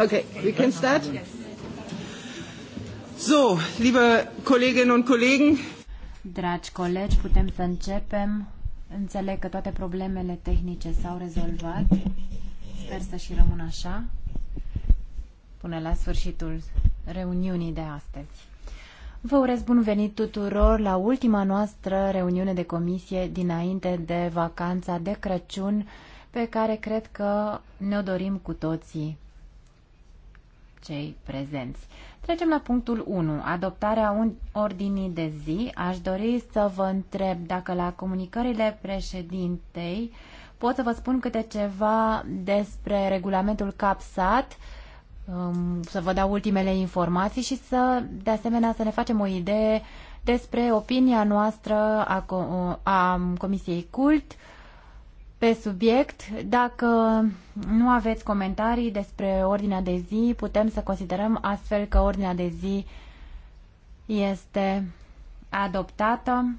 okay, we can start? So, liebe Kolleginnen und Kollegen. Dragi colegi, putem să începem. Înțeleg că toate problemele tehnice s-au rezolvat. Sper să și rămână așa până la sfârșitul reuniunii de astăzi. Vă urez bun venit tuturor la ultima noastră reuniune de comisie dinainte de vacanța de Crăciun pe care cred că ne-o dorim cu toții cei prezenți. Trecem la punctul 1, adoptarea un ordinii de zi. Aș dori să vă întreb dacă la comunicările președintei pot să vă spun câte ceva despre regulamentul CAPSAT, um, să vă dau ultimele informații și să, de asemenea, să ne facem o idee despre opinia noastră a, a Comisiei CULT pe subiect. Dacă nu aveți comentarii despre ordinea de zi, putem să considerăm astfel că ordinea de zi este adoptată.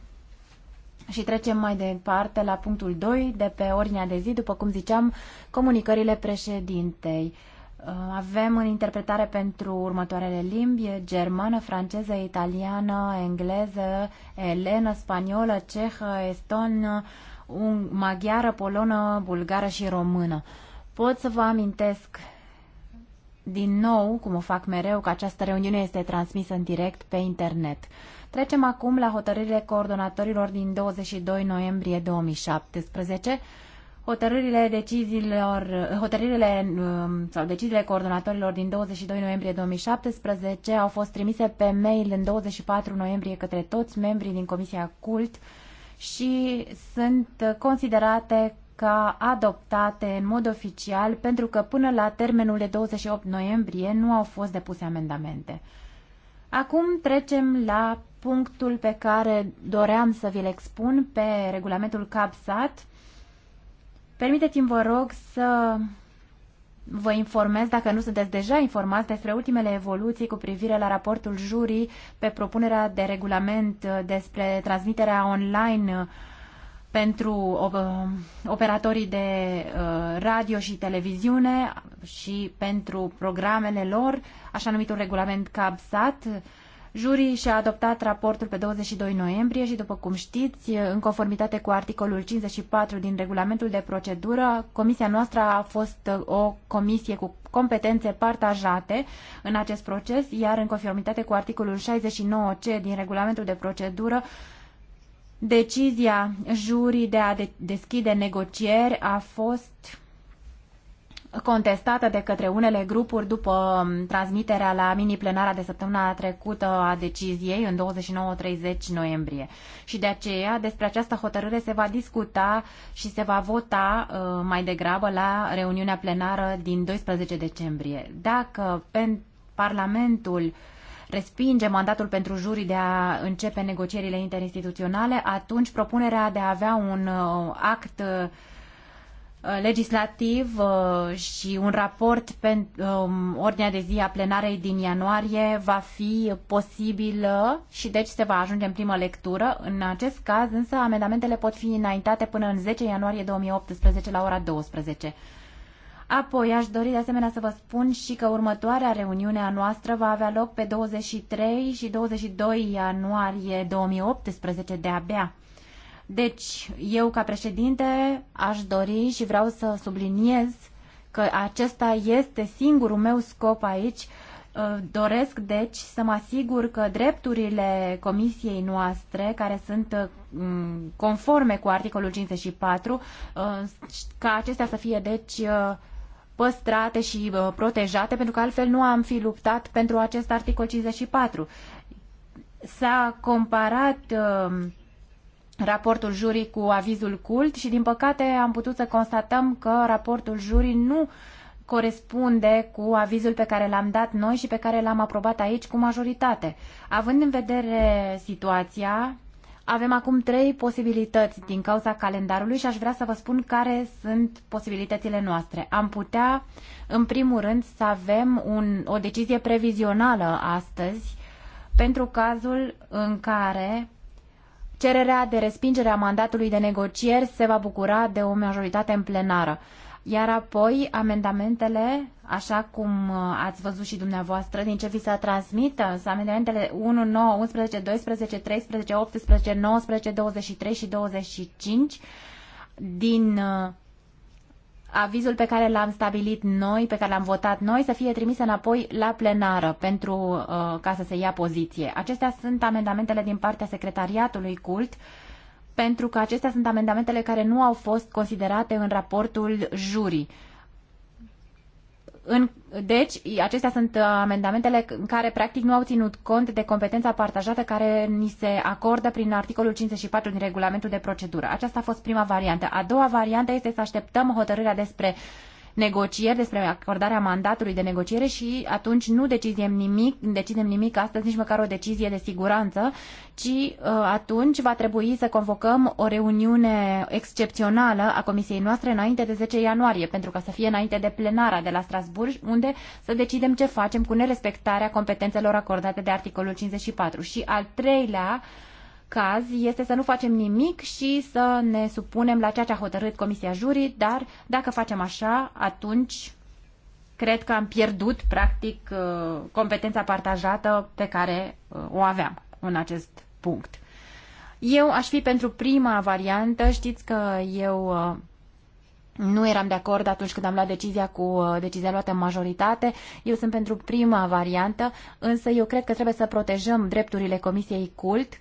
Și trecem mai departe la punctul 2 de pe ordinea de zi, după cum ziceam, comunicările președintei. Uh, avem în interpretare pentru următoarele limbi germană, franceză, italiană, engleză, elenă, spaniolă, cehă, estonă, un, maghiară, polonă, bulgară și română. Pot să vă amintesc din nou, cum o fac mereu, că această reuniune este transmisă în direct pe internet. Trecem acum la hotărârile coordonatorilor din 22 noiembrie 2017. Hotărârile deciziilor, hotărârile um, sau deciziile coordonatorilor din 22 noiembrie 2017 au fost trimise pe mail în 24 noiembrie către toți membrii din Comisia CULT și sunt considerate ca adoptate în mod oficial pentru că până la termenul de 28 noiembrie nu au fost depuse amendamente. Acum trecem la punctul pe care doream să vi-l expun pe regulamentul CAPSAT. Permiteți-mi, vă rog, să vă informez, dacă nu sunteți deja informați, despre ultimele evoluții cu privire la raportul jurii pe propunerea de regulament uh, despre transmiterea online uh, pentru uh, operatorii de radio și televiziune și pentru programele lor, așa numitul regulament CABSAT, Jurii și-a adoptat raportul pe 22 noiembrie și, după cum știți, în conformitate cu articolul 54 din regulamentul de procedură, comisia noastră a fost uh, o comisie cu competențe partajate în acest proces, iar în conformitate cu articolul 69C din regulamentul de procedură, decizia jurii de a deschide negocieri a fost contestată de către unele grupuri după um, transmiterea la mini-plenara de săptămâna trecută a deciziei în 29-30 noiembrie. Și de aceea despre această hotărâre se va discuta și se va vota uh, mai degrabă la reuniunea plenară din 12 decembrie. Dacă Parlamentul respinge mandatul pentru jurii de a începe negocierile interinstituționale, atunci propunerea de a avea un uh, act uh, Uh, legislativ uh, și un raport pe um, ordinea de zi a plenarei din ianuarie va fi posibil și deci se va ajunge în primă lectură. În acest caz însă amendamentele pot fi înaintate până în 10 ianuarie 2018 la ora 12. Apoi aș dori de asemenea să vă spun și că următoarea reuniune a noastră va avea loc pe 23 și 22 ianuarie 2018 de abia. Deci, eu ca președinte aș dori și vreau să subliniez că acesta este singurul meu scop aici. Uh, doresc, deci, să mă asigur că drepturile comisiei noastre, care sunt uh, conforme cu articolul 54, uh, ca acestea să fie, deci, păstrate și protejate, pentru că altfel nu am fi luptat pentru acest articol 54. S-a comparat uh, raportul jurii cu avizul cult și, din păcate, am putut să constatăm că raportul jurii nu corespunde cu avizul pe care l-am dat noi și pe care l-am aprobat aici cu majoritate. Având în vedere situația, avem acum trei posibilități din cauza calendarului și aș vrea să vă spun care sunt posibilitățile noastre. Am putea, în primul rând, să avem un, o decizie previzională astăzi pentru cazul în care Cererea de respingere a mandatului de negocieri se va bucura de o majoritate în plenară. Iar apoi, amendamentele, așa cum uh, ați văzut și dumneavoastră, din ce vi s-a transmit, uh, sunt amendamentele 1, 9, 11, 12, 13, 18, 19, 23 și 25 din uh, avizul pe care l-am stabilit noi, pe care l-am votat noi, să fie trimis înapoi la plenară pentru uh, ca să se ia poziție. Acestea sunt amendamentele din partea secretariatului cult, pentru că acestea sunt amendamentele care nu au fost considerate în raportul jurii. În, deci, acestea sunt uh, amendamentele care practic nu au ținut cont de competența partajată care ni se acordă prin articolul 54 din regulamentul de procedură. Aceasta a fost prima variantă. A doua variantă este să așteptăm hotărârea despre negocieri, despre acordarea mandatului de negociere și atunci nu decidem nimic, decidem nimic astăzi, nici măcar o decizie de siguranță, ci uh, atunci va trebui să convocăm o reuniune excepțională a comisiei noastre înainte de 10 ianuarie, pentru ca să fie înainte de plenara de la Strasburg, unde să decidem ce facem cu nerespectarea competențelor acordate de articolul 54. Și al treilea caz este să nu facem nimic și să ne supunem la ceea ce a hotărât Comisia Jurii, dar dacă facem așa, atunci cred că am pierdut, practic, uh, competența partajată pe care uh, o aveam în acest punct. Eu aș fi pentru prima variantă, știți că eu uh, nu eram de acord atunci când am luat decizia cu decizia luată în majoritate. Eu sunt pentru prima variantă, însă eu cred că trebuie să protejăm drepturile Comisiei Cult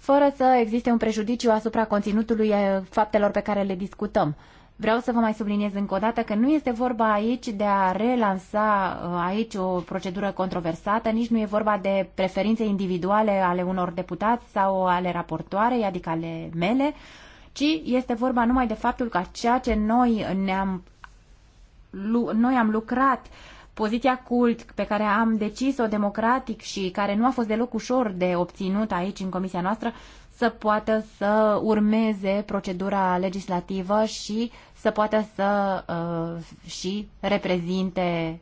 fără să existe un prejudiciu asupra conținutului eh, faptelor pe care le discutăm. Vreau să vă mai subliniez încă o dată că nu este vorba aici de a relansa eh, aici o procedură controversată, nici nu e vorba de preferințe individuale ale unor deputați sau ale raportoarei, adică ale mele, ci este vorba numai de faptul că ceea ce noi ne-am noi am lucrat Poziția cult pe care am decis-o democratic și care nu a fost deloc ușor de obținut aici în comisia noastră să poată să urmeze procedura legislativă și să poată să uh, și reprezinte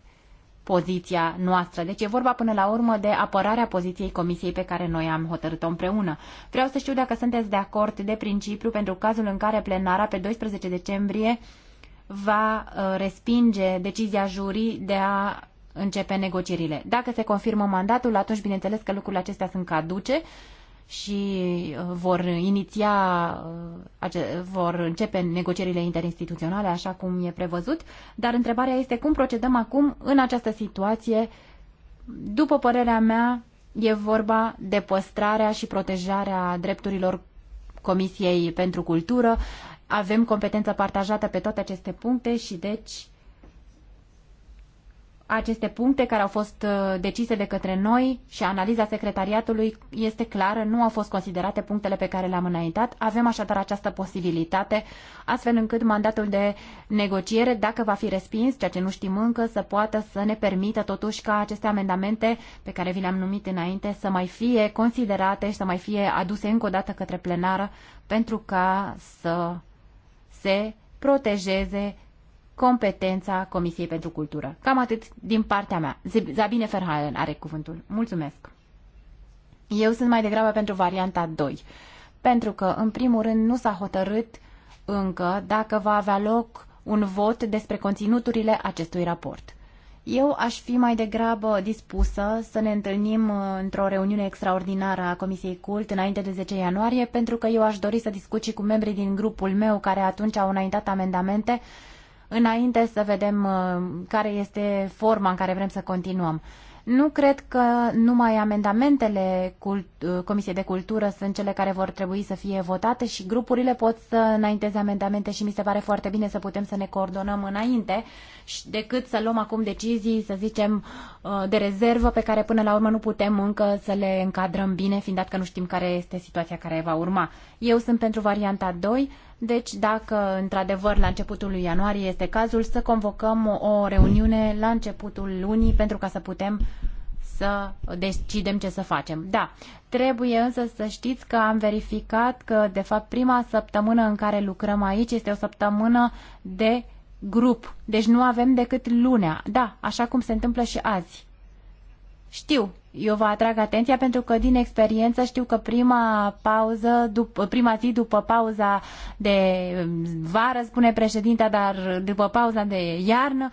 poziția noastră. Deci e vorba până la urmă de apărarea poziției comisiei pe care noi am hotărât-o împreună. Vreau să știu dacă sunteți de acord de principiu pentru cazul în care plenara pe 12 decembrie uh, va uh, respinge decizia jurii de a începe negocierile. Dacă se confirmă mandatul, atunci bineînțeles că lucrurile acestea sunt caduce și uh, vor iniția, uh, vor începe negocierile interinstituționale așa cum e prevăzut, dar întrebarea este cum procedăm acum în această situație. După părerea mea, e vorba de păstrarea și protejarea drepturilor Comisiei pentru Cultură, avem competență partajată pe toate aceste puncte și deci aceste puncte care au fost uh, decise de către noi și analiza secretariatului este clară, nu au fost considerate punctele pe care le-am înaintat. Avem așadar această posibilitate, astfel încât mandatul de negociere, dacă va fi respins, ceea ce nu știm încă, să poată să ne permită totuși ca aceste amendamente pe care vi le-am numit înainte să mai fie considerate și să mai fie aduse încă o dată către plenară pentru ca să se protejeze competența Comisiei pentru Cultură. Cam atât din partea mea. Zabine Ferhaen are cuvântul. Mulțumesc! Eu sunt mai degrabă pentru varianta 2, pentru că, în primul rând, nu s-a hotărât încă dacă va avea loc un vot despre conținuturile acestui raport. Eu aș fi mai degrabă dispusă să ne întâlnim uh, într-o reuniune extraordinară a Comisiei Cult înainte de 10 ianuarie, pentru că eu aș dori să discut și cu membrii din grupul meu care atunci au înaintat amendamente, înainte să vedem uh, care este forma în care vrem să continuăm. Nu cred că numai amendamentele Comisiei de Cultură sunt cele care vor trebui să fie votate și grupurile pot să înainteze amendamente și mi se pare foarte bine să putem să ne coordonăm înainte decât să luăm acum decizii, să zicem, uh, de rezervă pe care până la urmă nu putem încă să le încadrăm bine, fiind dat că nu știm care este situația care va urma. Eu sunt pentru varianta 2 deci, dacă într-adevăr la începutul lui ianuarie este cazul, să convocăm o reuniune la începutul lunii pentru ca să putem să decidem ce să facem. Da, trebuie însă să știți că am verificat că, de fapt, prima săptămână în care lucrăm aici este o săptămână de grup. Deci nu avem decât lunea. Da, așa cum se întâmplă și azi. Știu, eu vă atrag atenția pentru că din experiență știu că prima pauză, după, prima zi după pauza de vară, spune președinta, dar după pauza de iarnă,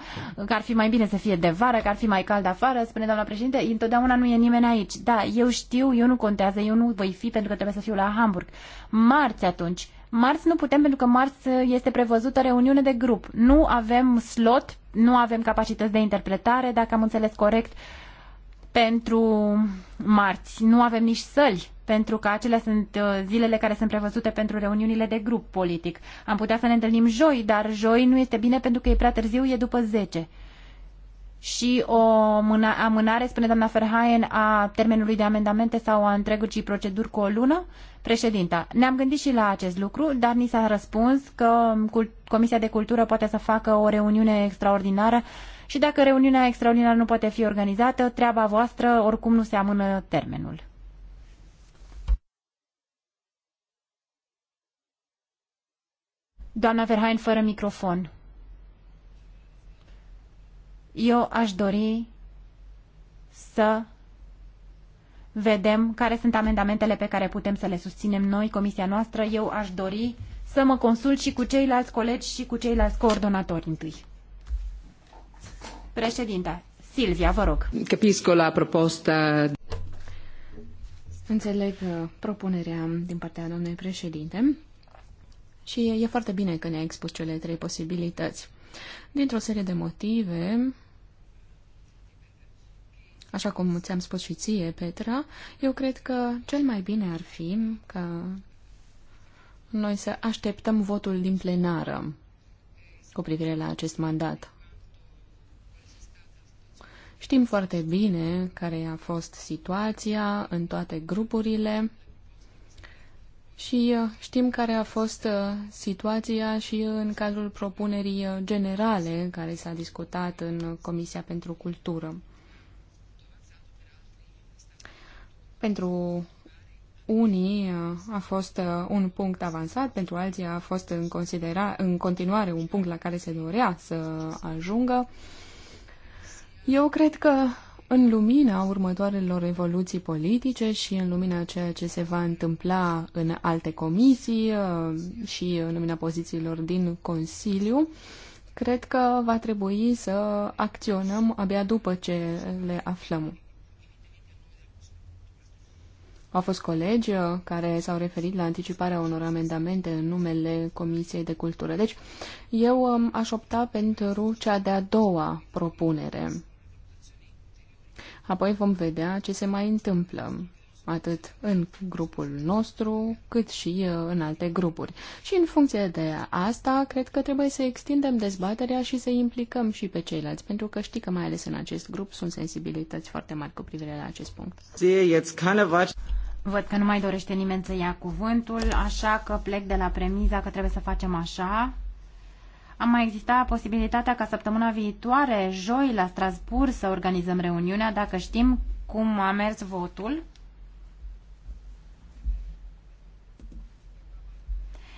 că ar fi mai bine să fie de vară, că ar fi mai cald afară, spune doamna președinte, întotdeauna nu e nimeni aici. Da, eu știu, eu nu contează, eu nu voi fi pentru că trebuie să fiu la Hamburg. Marți atunci. Marți nu putem pentru că marți este prevăzută reuniune de grup. Nu avem slot, nu avem capacități de interpretare, dacă am înțeles corect. Uh, pentru marți. Nu avem nici săli, pentru că acelea sunt uh, zilele care sunt prevăzute pentru reuniunile de grup politic. Am putea să ne întâlnim joi, dar joi nu este bine pentru că e prea târziu, e după 10. Și o amânare, spune doamna Ferhaien, a termenului de amendamente sau a întregului proceduri cu o lună? Președinta, ne-am gândit și la acest lucru, dar ni s-a răspuns că Comisia de Cultură poate să facă o reuniune extraordinară și dacă reuniunea extraordinară nu poate fi organizată, treaba voastră oricum nu se amână termenul. Doamna Verhain, fără microfon. Eu aș dori să vedem care sunt amendamentele pe care putem să le susținem noi, comisia noastră. Eu aș dori să mă consult și cu ceilalți colegi și cu ceilalți coordonatori întâi. Președinte, Silvia, vă rog. Capisco la proposta... Înțeleg uh, propunerea din partea doamnei președinte și e foarte bine că ne-a expus cele trei posibilități. Dintr-o serie de motive, așa cum ți-am spus și ție, Petra, eu cred că cel mai bine ar fi ca noi să așteptăm votul din plenară cu privire la acest mandat. Știm foarte bine care a fost situația în toate grupurile și uh, știm care a fost uh, situația și în cadrul propunerii uh, generale care s-a discutat în Comisia pentru Cultură. Pentru unii a fost un punct avansat, pentru alții a fost în, considera, în continuare un punct la care se dorea să ajungă. Eu cred că în lumina următoarelor evoluții politice și în lumina ceea ce se va întâmpla în alte comisii uh, și în lumina pozițiilor din Consiliu, cred că va trebui să acționăm abia după ce le aflăm. Au fost colegi uh, care s-au referit la anticiparea unor amendamente în numele Comisiei de Cultură. Deci, eu um, aș opta pentru cea de-a doua propunere Apoi vom vedea ce se mai întâmplă atât în grupul nostru, cât și uh, în alte grupuri. Și în funcție de asta, cred că trebuie să extindem dezbaterea și să implicăm și pe ceilalți, pentru că știi că mai ales în acest grup sunt sensibilități foarte mari cu privire la acest punct. Văd că nu mai dorește nimeni să ia cuvântul, așa că plec de la premiza că trebuie să facem așa, am mai exista posibilitatea ca săptămâna viitoare, joi, la Strasbourg să organizăm reuniunea, dacă știm cum a mers votul.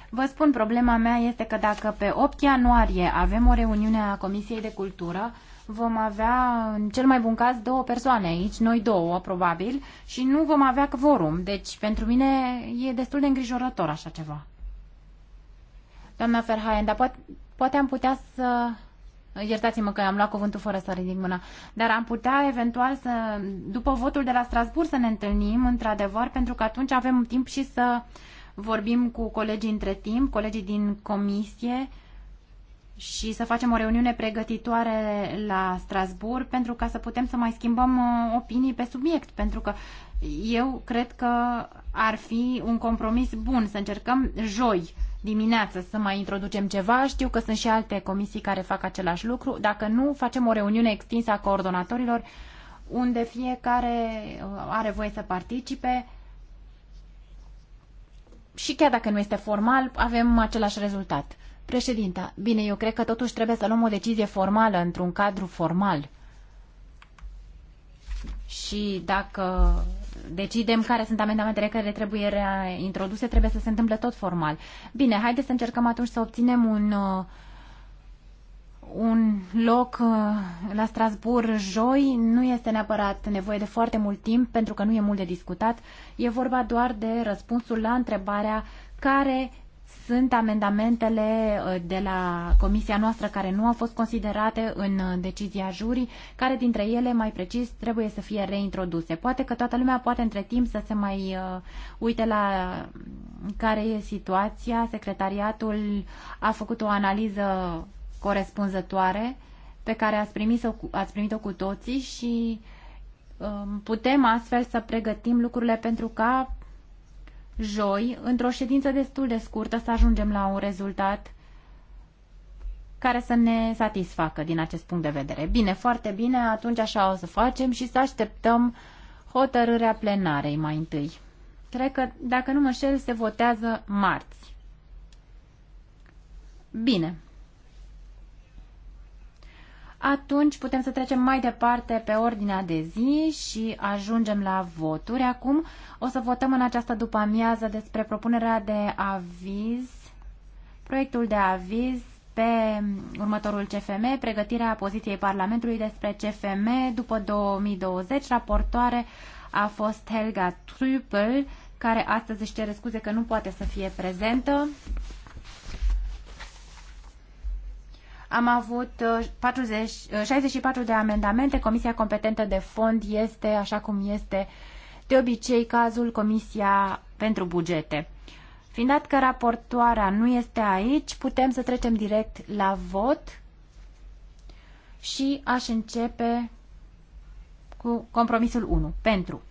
Vă spun, problema mea este că dacă pe 8 ianuarie avem o reuniune a Comisiei de Cultură, vom avea, în cel mai bun caz, două persoane aici, noi două, probabil, și nu vom avea quorum. Deci, pentru mine e destul de îngrijorător așa ceva. Doamna Ferhaien, dar poate Poate am putea să Iertați-mă că am luat cuvântul fără să ridic mâna, dar am putea eventual să, după votul de la Strasburg, să ne întâlnim, într-adevăr, pentru că atunci avem timp și să vorbim cu colegii între timp, colegii din comisie și să facem o reuniune pregătitoare la Strasburg pentru ca să putem să mai schimbăm uh, opinii pe subiect, pentru că eu cred că ar fi un compromis bun să încercăm joi dimineață să mai introducem ceva. Știu că sunt și alte comisii care fac același lucru. Dacă nu, facem o reuniune extinsă a coordonatorilor unde fiecare uh, are voie să participe și chiar dacă nu este formal, avem același rezultat. Președinta, bine, eu cred că totuși trebuie să luăm o decizie formală într-un cadru formal și dacă decidem care sunt amendamentele care trebuie reintroduse, trebuie să se întâmple tot formal. Bine, haideți să încercăm atunci să obținem un, uh, un loc uh, la Strasbourg joi. Nu este neapărat nevoie de foarte mult timp, pentru că nu e mult de discutat. E vorba doar de răspunsul la întrebarea care sunt amendamentele uh, de la comisia noastră care nu au fost considerate în uh, decizia jurii, care dintre ele, mai precis, trebuie să fie reintroduse. Poate că toată lumea poate între timp să se mai uh, uite la mm, care e situația. Secretariatul a făcut o analiză corespunzătoare pe care ați primit-o cu, ați primit-o cu toții și um, putem astfel să pregătim lucrurile pentru ca joi, într-o ședință destul de scurtă, să ajungem la un rezultat care să ne satisfacă din acest punct de vedere. Bine, foarte bine, atunci așa o să facem și să așteptăm hotărârea plenarei mai întâi. Cred că, dacă nu mă șel, se votează marți. Bine, atunci putem să trecem mai departe pe ordinea de zi și ajungem la voturi. Acum o să votăm în această după-amiază despre propunerea de aviz, proiectul de aviz pe următorul CFM, pregătirea poziției Parlamentului despre CFM după 2020. Raportoare a fost Helga Trüppel, care astăzi își cere scuze că nu poate să fie prezentă. Am avut 40, uh, 64 uh, de amendamente. Comisia competentă de fond este, așa cum este de obicei, cazul Comisia pentru bugete. Fiind dat că raportoarea nu este aici, putem să trecem direct la vot și aș începe cu compromisul 1. Pentru.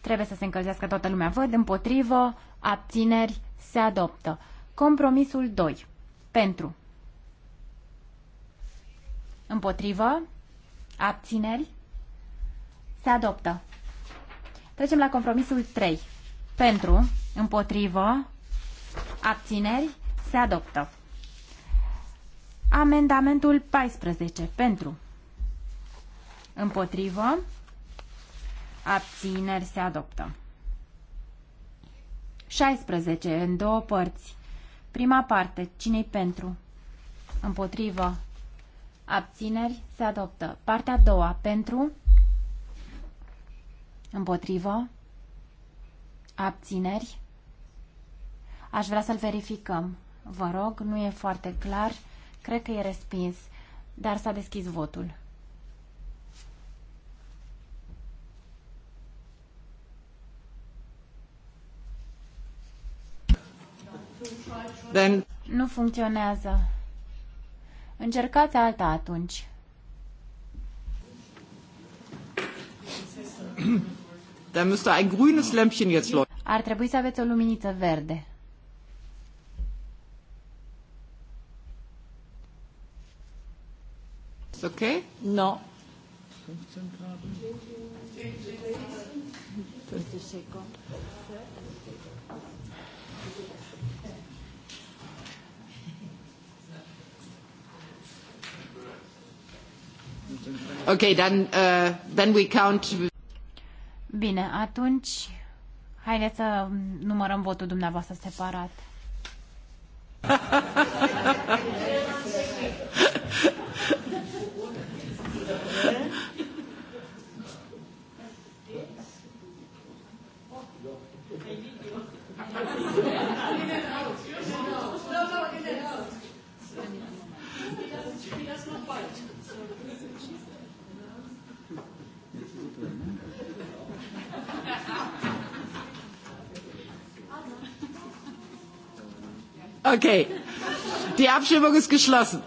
Trebuie să se încălzească toată lumea. Văd împotrivă, abțineri, se adoptă. Compromisul 2. Pentru. Împotrivă. Abțineri. Se adoptă. Trecem la compromisul 3. Pentru. Împotrivă. Abțineri. Se adoptă. Amendamentul 14. Pentru. Împotrivă. Abțineri se adoptă. 16. În două părți. Prima parte. Cine-i pentru? Împotrivă. Abțineri. Se adoptă. Partea a doua. Pentru. Împotrivă. Abțineri. Aș vrea să-l verificăm. Vă rog, nu e foarte clar. Cred că e respins, dar s-a deschis votul. Then... Nu funcționează. Încercați alta atunci. Da müsste ein grünes Lämpchen jetzt leuchten. Ar trebui să aveți o luminiță verde. It's okay? No. 20 then, uh, then we count... Bine, atunci haideți să numărăm votul dumneavoastră separat. Ok, Die Abstimmung ist geschlossen.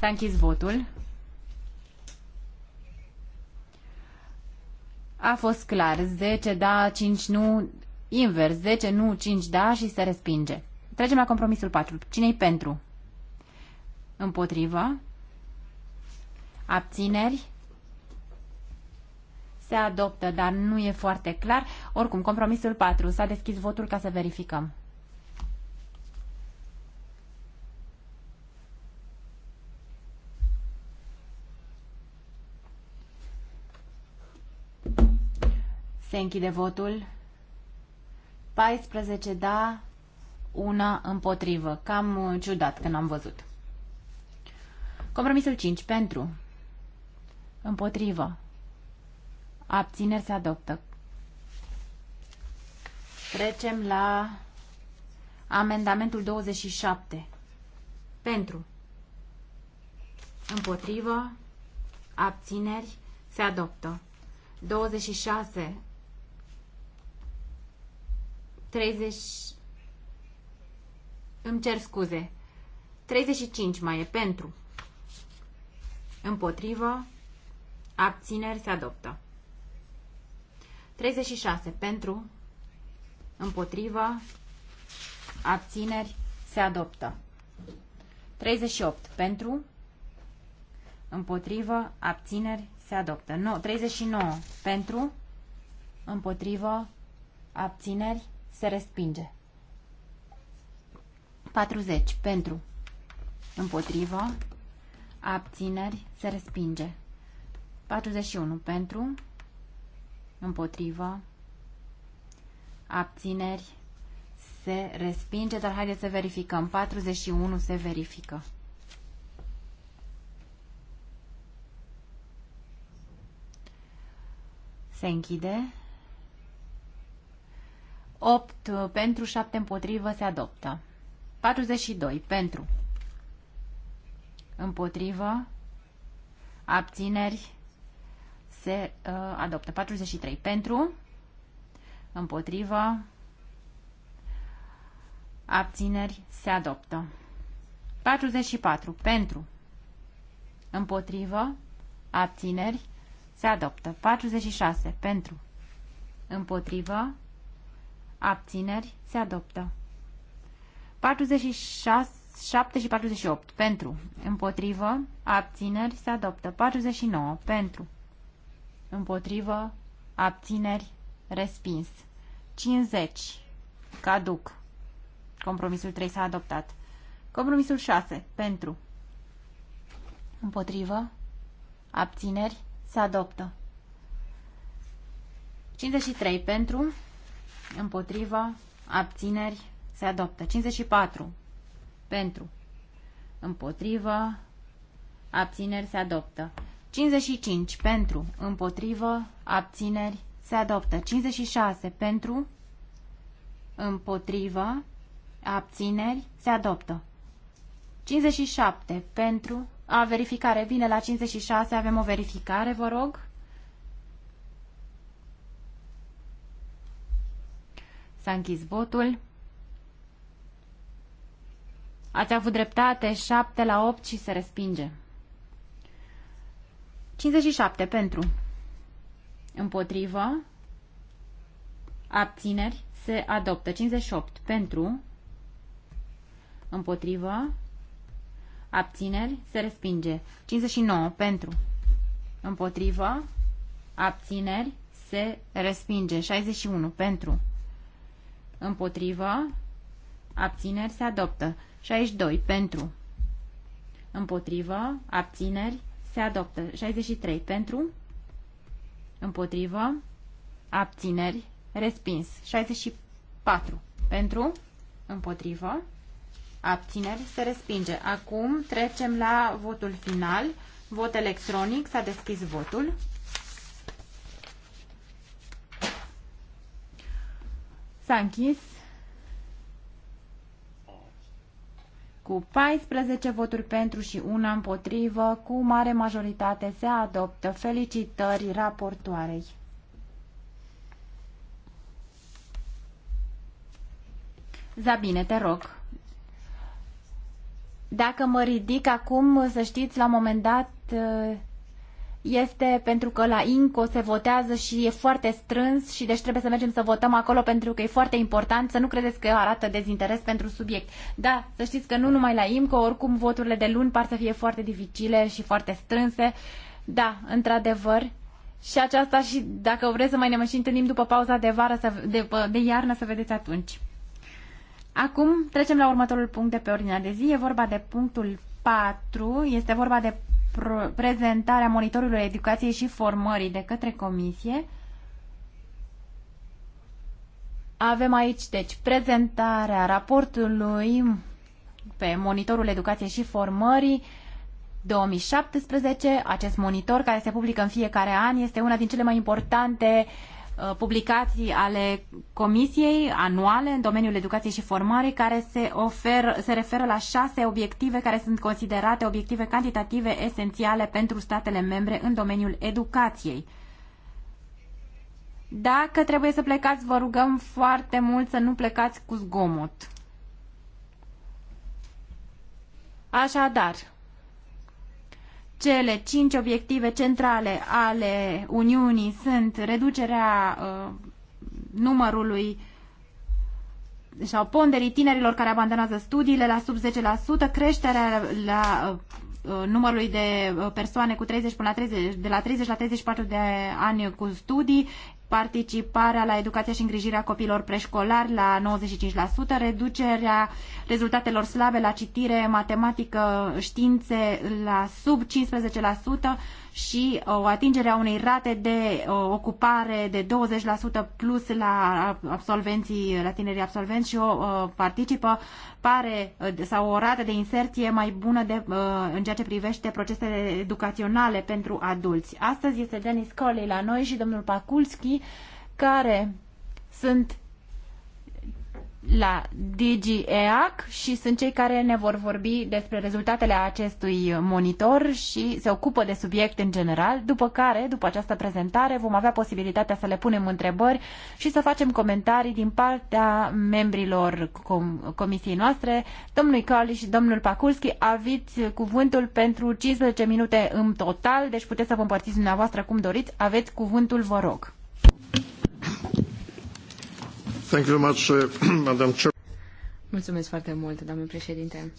S-a votul. A fost clar. 10 da, 5 nu, invers. 10 nu, 5 da și se respinge. Trecem la compromisul 4. Cine-i pentru? Împotrivă. Abțineri. Se adoptă, dar nu e foarte clar. Oricum, compromisul 4. S-a deschis votul ca să verificăm. Se închide votul. 14 da, una împotrivă. Cam uh, ciudat că n-am văzut. Compromisul 5. Pentru. Împotrivă. Abțineri se adoptă. Trecem la amendamentul 27. Pentru. Împotrivă. Abțineri se adoptă. 26 30... Îmi cer scuze. 35 mai e pentru. Împotrivă. Abțineri se adoptă. 36 pentru. Împotrivă. Abțineri se adoptă. 38 pentru. Împotrivă. Abțineri se adoptă. No, 39 pentru. Împotrivă. Abțineri se respinge. 40. Pentru. Împotrivă. Abțineri. Se respinge. 41. Pentru. Împotrivă. Abțineri. Se respinge, dar haideți să verificăm. 41 se verifică. Se închide. 8 uh, pentru, 7 împotrivă, se adoptă. 42 pentru, împotrivă, abțineri, se uh, adoptă. 43 pentru, împotrivă, abțineri, se adoptă. 44 pentru, împotrivă, abțineri, se adoptă. 46 pentru, împotrivă, Abțineri. Se adoptă. 46, 7 și 48. Pentru. Împotrivă. Abțineri. Se adoptă. 49. Pentru. Împotrivă. Abțineri. Respins. 50. Caduc. Compromisul 3 s-a adoptat. Compromisul 6. Pentru. Împotrivă. Abțineri. Se adoptă. 53. Pentru. Împotrivă. Abțineri. Se adoptă. 54. Pentru. Împotrivă. Abțineri. Se adoptă. 55. Pentru. Împotrivă. Abțineri. Se adoptă. 56. Pentru. Împotrivă. Abțineri. Se adoptă. 57. Pentru. A, verificare. Bine, la 56 avem o verificare, vă rog. S-a închis votul. Ați avut dreptate, 7 la 8 și se respinge. 57 pentru. Împotrivă. Abțineri. Se adoptă. 58 pentru. Împotrivă. Abțineri. Se respinge. 59 pentru. Împotrivă. Abțineri. Se respinge. 61 pentru. Împotrivă. Abțineri se adoptă. 62. Pentru. Împotrivă. Abțineri se adoptă. 63. Pentru. Împotrivă. Abțineri. Respins. 64. Pentru. Împotrivă. Abțineri se respinge. Acum trecem la votul final. Vot electronic. S-a deschis votul. S-a închis cu 14 voturi pentru și una împotrivă, cu mare majoritate se adoptă. Felicitări raportoarei! Zabine, te rog. Dacă mă ridic acum, să știți, la un moment dat este pentru că la INCO se votează și e foarte strâns și deci trebuie să mergem să votăm acolo pentru că e foarte important să nu credeți că arată dezinteres pentru subiect. Da, să știți că nu numai la IMCO, oricum voturile de luni par să fie foarte dificile și foarte strânse. Da, într-adevăr. Și aceasta și dacă vreți să mai ne mai și întâlnim după pauza de vară, să, de, de iarnă, să vedeți atunci. Acum trecem la următorul punct de pe ordinea de zi. E vorba de punctul 4. Este vorba de prezentarea monitorului educației și formării de către comisie. Avem aici, deci, prezentarea raportului pe monitorul educației și formării 2017. Acest monitor, care se publică în fiecare an, este una din cele mai importante uh, Uh, publicații ale Comisiei anuale în domeniul educației și formării care se, ofer, se referă la șase obiective care sunt considerate obiective cantitative esențiale pentru statele membre în domeniul educației. Dacă trebuie să plecați, vă rugăm foarte mult să nu plecați cu zgomot. Așadar, cele cinci obiective centrale ale Uniunii sunt reducerea uh, numărului sau ponderii tinerilor care abandonează studiile la sub 10%, creșterea la uh, uh numărului de uh, persoane cu 30 până la 30, de la 30 la 34 de ani cu studii, participarea la educația și îngrijirea copiilor preșcolari la 95%, reducerea rezultatelor slabe la citire, matematică, științe la sub 15%, și uh, o atingere a unei rate de uh, ocupare de 20% plus la absolvenții, la tinerii absolvenți și o uh, participă pare sau o rată de inserție mai bună de, în ceea ce privește procesele educaționale pentru adulți. Astăzi este Denis Colley la noi și domnul Pakulski care sunt la DGEAC și sunt cei care ne vor vorbi despre rezultatele acestui monitor și se ocupă de subiect în general, după care, după această prezentare, vom avea posibilitatea să le punem întrebări și să facem comentarii din partea membrilor com- comisiei noastre. Domnului Cali și domnul Paculski, aveți cuvântul pentru 15 minute în total, deci puteți să vă împărțiți dumneavoastră cum doriți. Aveți cuvântul, vă rog. Thank you very much, uh, Madam Chair. Mulțumesc foarte mult, doamnă președinte.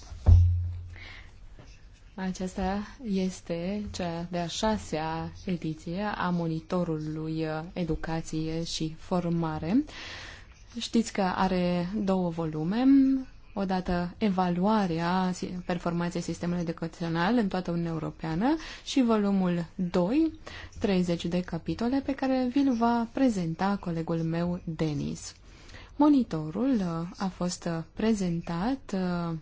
Aceasta este cea de-a șasea ediție a monitorului educație și formare. Știți că are două volume, odată evaluarea performanței sistemului educațional în toată Uniunea Europeană și volumul 2, 30 de capitole, pe care vi-l va prezenta colegul meu, Denis. Monitorul uh, a fost uh, prezentat uh,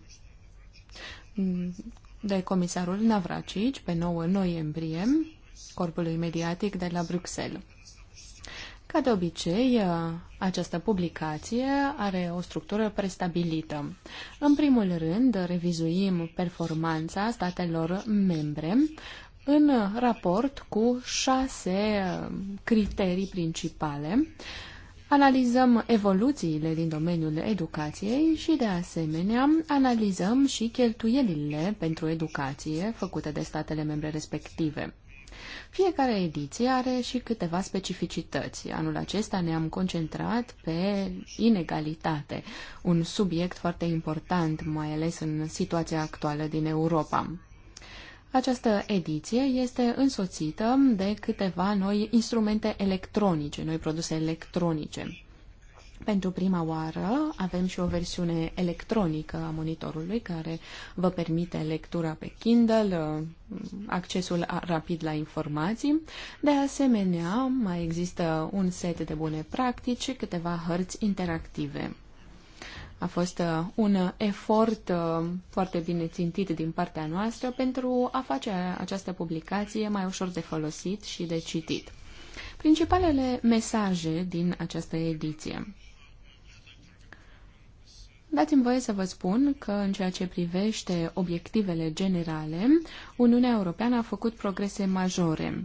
de comisarul Navracici pe 9 noiembrie corpului mediatic de la Bruxelles. Ca de obicei, această publicație are o structură prestabilită. În primul rând, revizuim performanța statelor membre în raport cu șase criterii principale Analizăm evoluțiile din domeniul educației și, de asemenea, analizăm și cheltuielile pentru educație făcute de statele membre respective. Fiecare ediție are și câteva specificități. Anul acesta ne-am concentrat pe inegalitate, un subiect foarte important, mai ales în situația actuală din Europa. Această ediție este însoțită de câteva noi instrumente electronice, noi produse electronice. Pentru prima oară avem și o versiune electronică a monitorului care vă permite lectura pe Kindle, accesul rapid la informații. De asemenea, mai există un set de bune practici, câteva hărți interactive. A fost uh, un efort uh, foarte bine țintit din partea noastră pentru a face această publicație mai ușor de folosit și de citit. Principalele mesaje din această ediție. Dați-mi voie să vă spun că, în ceea ce privește obiectivele generale, Uniunea Europeană a făcut progrese majore.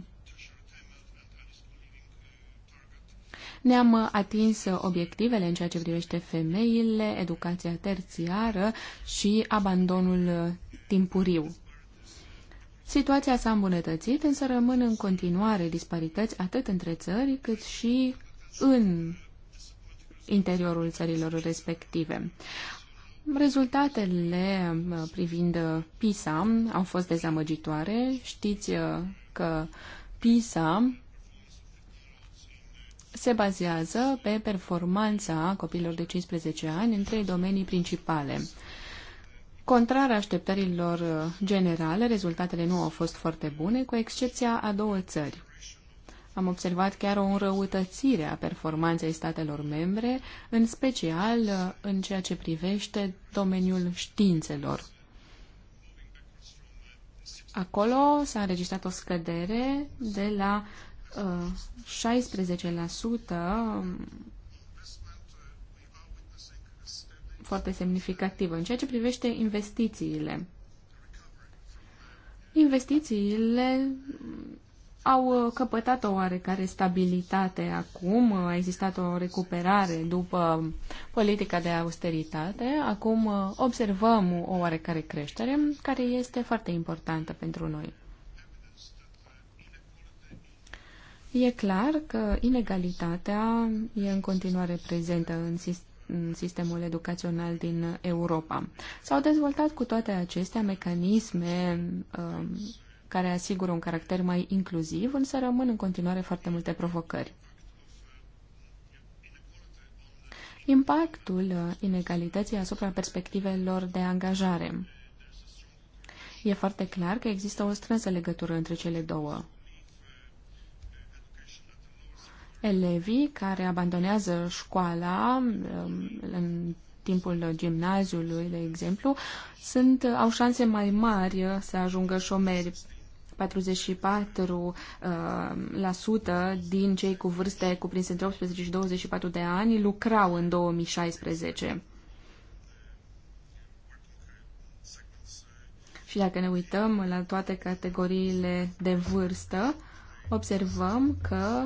Ne-am atins obiectivele în ceea ce privește femeile, educația terțiară și abandonul timpuriu. Situația s-a îmbunătățit, însă rămân în continuare disparități atât între țări cât și în interiorul țărilor respective. Rezultatele uh, privind uh, PISA au fost dezamăgitoare. Știți uh, că PISA se bazează pe performanța copiilor de 15 ani în trei domenii principale. Contrar așteptărilor generale, rezultatele nu au fost foarte bune, cu excepția a două țări. Am observat chiar o înrăutățire a performanței statelor membre, în special în ceea ce privește domeniul științelor. Acolo s-a înregistrat o scădere de la 16% foarte semnificativă. În ceea ce privește investițiile, investițiile au căpătat o oarecare stabilitate acum, a existat o recuperare după politica de austeritate, acum observăm o oarecare creștere care este foarte importantă pentru noi. E clar că inegalitatea e în continuare prezentă în sistem în sistemul educațional din Europa. S-au dezvoltat cu toate acestea mecanisme um, care asigură un caracter mai inclusiv, însă rămân în continuare foarte multe provocări. Impactul inegalității asupra perspectivelor de angajare. E foarte clar că există o strânsă legătură între cele două. Elevii care abandonează școala um, în timpul gimnaziului, de exemplu, sunt, au șanse mai mari să ajungă șomeri. 44% uh, din cei cu vârste cuprinse între 18 și 24 de ani lucrau în 2016. Și dacă ne uităm la toate categoriile de vârstă, observăm că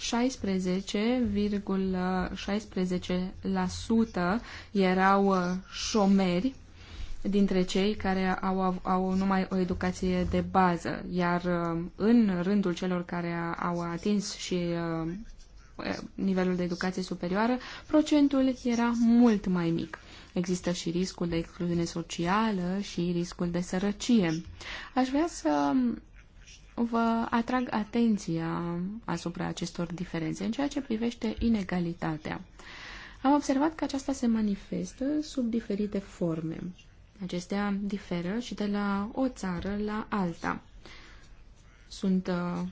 16,16% erau uh, șomeri dintre cei care au, au numai o educație de bază, iar uh, în rândul celor care au atins și uh, nivelul de educație superioară, procentul era mult mai mic. Există și riscul de excluziune socială și riscul de sărăcie. Aș vrea să um, vă atrag atenția asupra acestor diferențe în ceea ce privește inegalitatea. Am observat că aceasta se manifestă sub diferite forme. Acestea diferă și de la o țară la alta. Sunt uh,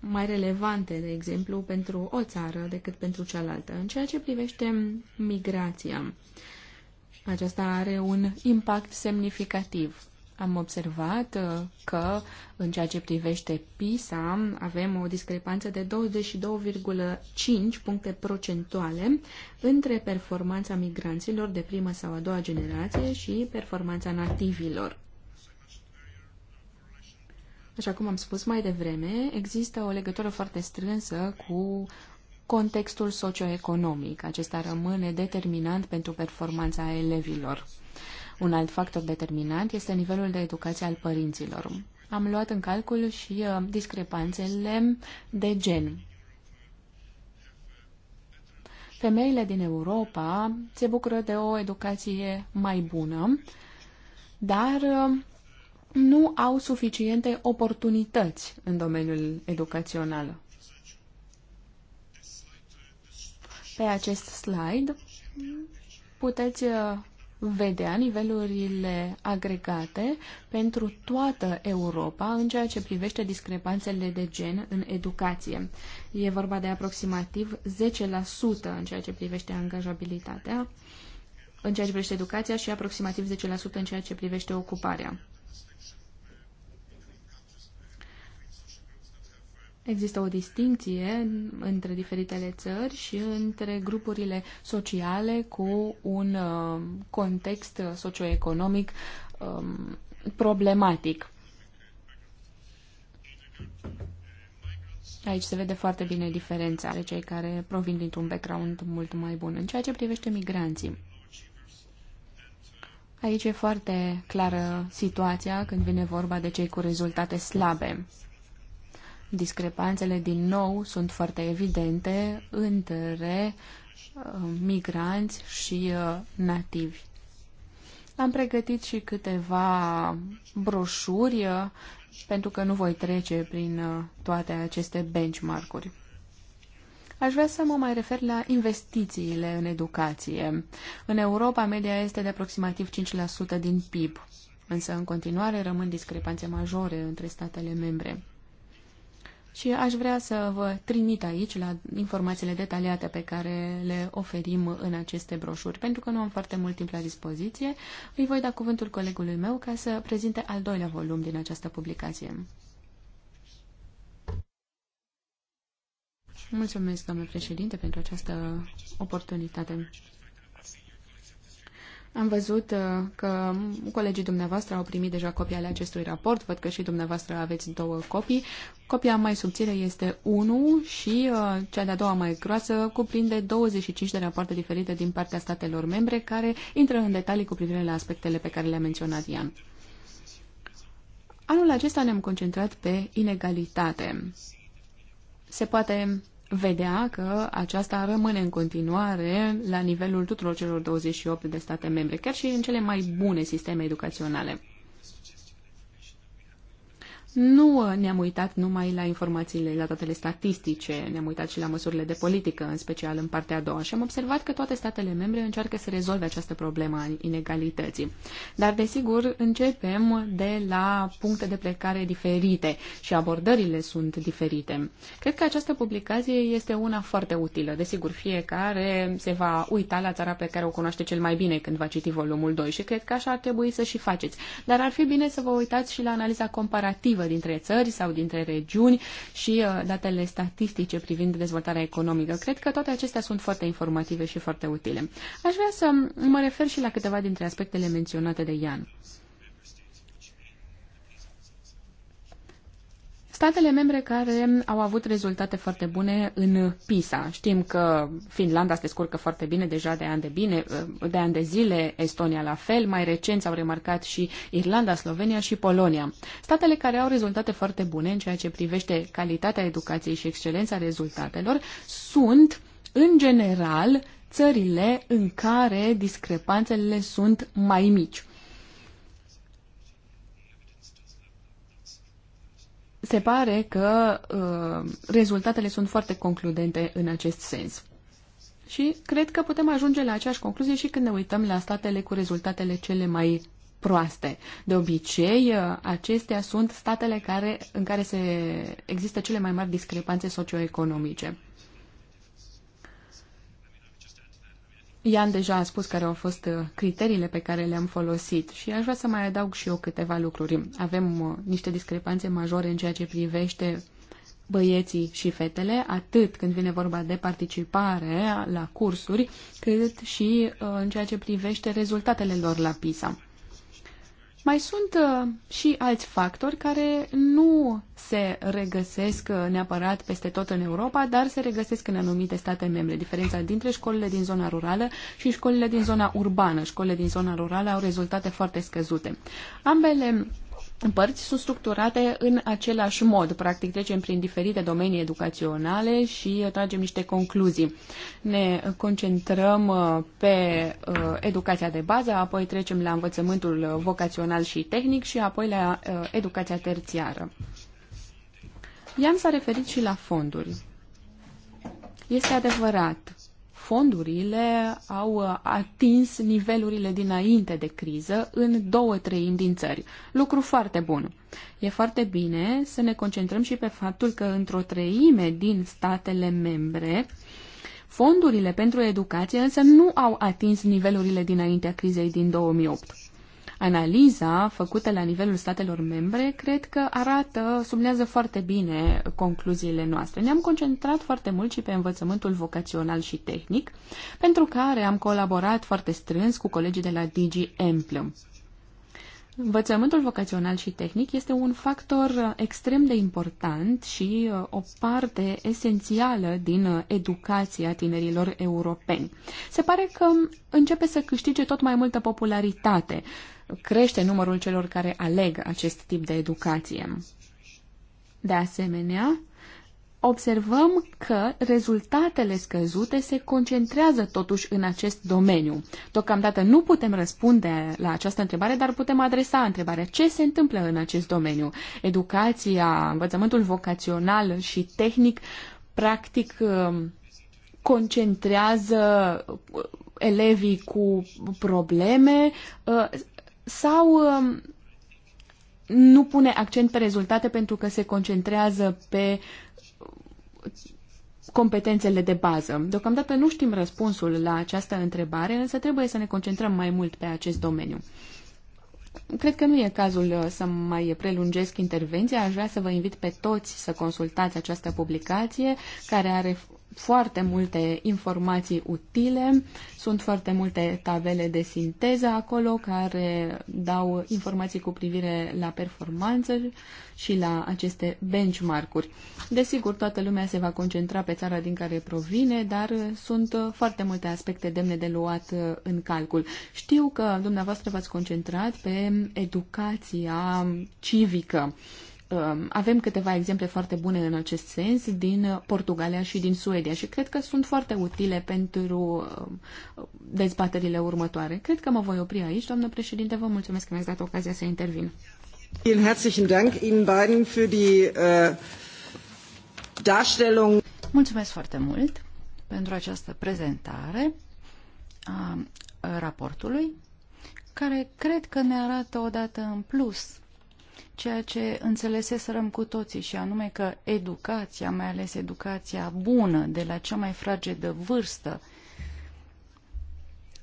mai relevante, de exemplu, pentru o țară decât pentru cealaltă. În ceea ce privește migrația, aceasta are un impact semnificativ. Am observat uh, că, în ceea ce privește PISA, avem o discrepanță de 22,5 puncte procentuale între performanța migranților de primă sau a doua generație și performanța nativilor. Așa cum am spus mai devreme, există o legătură foarte strânsă cu contextul socioeconomic. Acesta rămâne determinant pentru performanța elevilor. Un alt factor determinant este nivelul de educație al părinților. Am luat în calcul și uh, discrepanțele de gen. Femeile din Europa se bucură de o educație mai bună, dar uh, nu au suficiente oportunități în domeniul educațional. Pe acest slide puteți uh, vedea nivelurile agregate pentru toată Europa în ceea ce privește discrepanțele de gen în educație. E vorba de aproximativ 10% în ceea ce privește angajabilitatea, în ceea ce privește educația și aproximativ 10% în ceea ce privește ocuparea. Există o distinție între diferitele țări și între grupurile sociale cu un uh, context socioeconomic um, problematic. Aici se vede foarte bine diferența de cei care provin dintr-un background mult mai bun. În ceea ce privește migranții, aici e foarte clară situația când vine vorba de cei cu rezultate slabe discrepanțele din nou sunt foarte evidente între uh, migranți și uh, nativi. Am pregătit și câteva broșuri uh, pentru că nu voi trece prin toate aceste benchmark-uri. Aș vrea să mă mai refer la investițiile în educație. În Europa, media este de aproximativ 5% din PIB, însă în continuare rămân discrepanțe majore între statele membre și aș vrea să vă trimit aici la informațiile detaliate pe care le oferim în aceste broșuri. Pentru că nu am foarte mult timp la dispoziție, îi voi da cuvântul colegului meu ca să prezinte al doilea volum din această publicație. Mulțumesc, doamne președinte, pentru această oportunitate. Am văzut uh, că colegii dumneavoastră au primit deja copii ale acestui raport, văd că și dumneavoastră aveți două copii. Copia mai subțire este 1 și uh, cea de-a doua mai groasă cuprinde 25 de rapoarte diferite din partea statelor membre care intră în detalii cu privire la aspectele pe care le-a menționat Ian. Anul acesta ne-am concentrat pe inegalitate. Se poate vedea că aceasta rămâne în continuare la nivelul tuturor celor 28 de state membre, chiar și în cele mai bune sisteme educaționale. Nu ne-am uitat numai la informațiile, la datele statistice, ne-am uitat și la măsurile de politică, în special în partea a doua, și am observat că toate statele membre încearcă să rezolve această problemă a inegalității. Dar, desigur, începem de la puncte de plecare diferite și abordările sunt diferite. Cred că această publicație este una foarte utilă. Desigur, fiecare se va uita la țara pe care o cunoaște cel mai bine când va citi volumul 2 și cred că așa ar trebui să și faceți. Dar ar fi bine să vă uitați și la analiza comparativă dintre țări sau dintre regiuni și uh, datele statistice privind dezvoltarea economică. Cred că toate acestea sunt foarte informative și foarte utile. Aș vrea să mă refer și la câteva dintre aspectele menționate de Ian. Statele membre care au avut rezultate foarte bune în PISA. Știm că Finlanda se descurcă foarte bine deja de ani de, bine, eh, de, ani de zile, Estonia la fel, mai recent s-au remarcat și Irlanda, Slovenia și Polonia. Statele care au rezultate foarte bune în ceea ce privește calitatea educației și excelența rezultatelor sunt, în general, țările în care discrepanțele sunt mai mici. se pare că uh, rezultatele sunt foarte concludente în acest sens. Și cred că putem ajunge la aceeași concluzie și când ne uităm la statele cu rezultatele cele mai proaste. De obicei, uh, acestea sunt statele care, în care se, există cele mai mari discrepanțe socioeconomice. Ian deja a spus care au fost uh, criteriile pe care le-am folosit și aș vrea să mai adaug și eu câteva lucruri. Avem uh, niște discrepanțe majore în ceea ce privește băieții și fetele, atât când vine vorba de participare la cursuri, cât și uh, în ceea ce privește rezultatele lor la PISA. Mai sunt uh, și alți factori care nu se regăsesc uh, neapărat peste tot în Europa, dar se regăsesc în anumite state membre. Diferența dintre școlile din zona rurală și școlile din zona urbană. Școlile din zona rurală au rezultate foarte scăzute. Ambele părți sunt structurate în același mod. Practic trecem prin diferite domenii educaționale și tragem niște concluzii. Ne concentrăm uh, pe uh, educația de bază, apoi trecem la învățământul vocațional și tehnic și apoi la uh, educația terțiară. Ian s-a referit și la fonduri. Este adevărat fondurile au atins nivelurile dinainte de criză în două treimi din țări. Lucru foarte bun. E foarte bine să ne concentrăm și pe faptul că într-o treime din statele membre, fondurile pentru educație însă nu au atins nivelurile dinaintea crizei din 2008. Analiza făcută la nivelul statelor membre cred că arată, sublinează foarte bine concluziile noastre. Ne-am concentrat foarte mult și pe învățământul vocațional și tehnic, pentru care am colaborat foarte strâns cu colegii de la DG Emplum. Învățământul vocațional și tehnic este un factor uh, extrem de important și uh, o parte esențială din uh, educația tinerilor europeni. Se pare că um, începe să câștige tot mai multă popularitate. Crește numărul celor care aleg acest tip de educație. De asemenea, observăm că rezultatele scăzute se concentrează totuși în acest domeniu. Deocamdată nu putem răspunde la această întrebare, dar putem adresa întrebarea ce se întâmplă în acest domeniu. Educația, învățământul vocațional și tehnic practic um, concentrează uh, elevii cu probleme uh, sau um, nu pune accent pe rezultate pentru că se concentrează pe uh, competențele de bază. Deocamdată nu știm răspunsul la această întrebare, însă trebuie să ne concentrăm mai mult pe acest domeniu. Cred că nu e cazul uh, să mai prelungesc intervenția. Aș vrea să vă invit pe toți să consultați această publicație care are foarte multe informații utile, sunt foarte multe tabele de sinteză acolo care dau informații cu privire la performanță și la aceste benchmark-uri. Desigur, toată lumea se va concentra pe țara din care provine, dar sunt foarte multe aspecte demne de luat în calcul. Știu că dumneavoastră v-ați concentrat pe educația civică Um, avem câteva exemple foarte bune în acest sens din Portugalia și din Suedia și cred că sunt foarte utile pentru um, dezbaterile următoare. Cred că mă voi opri aici, doamnă președinte. Vă mulțumesc că mi-ați dat ocazia să intervin. Vielen herzlichen Dank Ihnen beiden für die uh, Darstellung. Mulțumesc foarte mult pentru această prezentare a raportului, care cred că ne arată odată în plus ceea ce înțeleseserăm cu toții și anume că educația, mai ales educația bună de la cea mai fragedă vârstă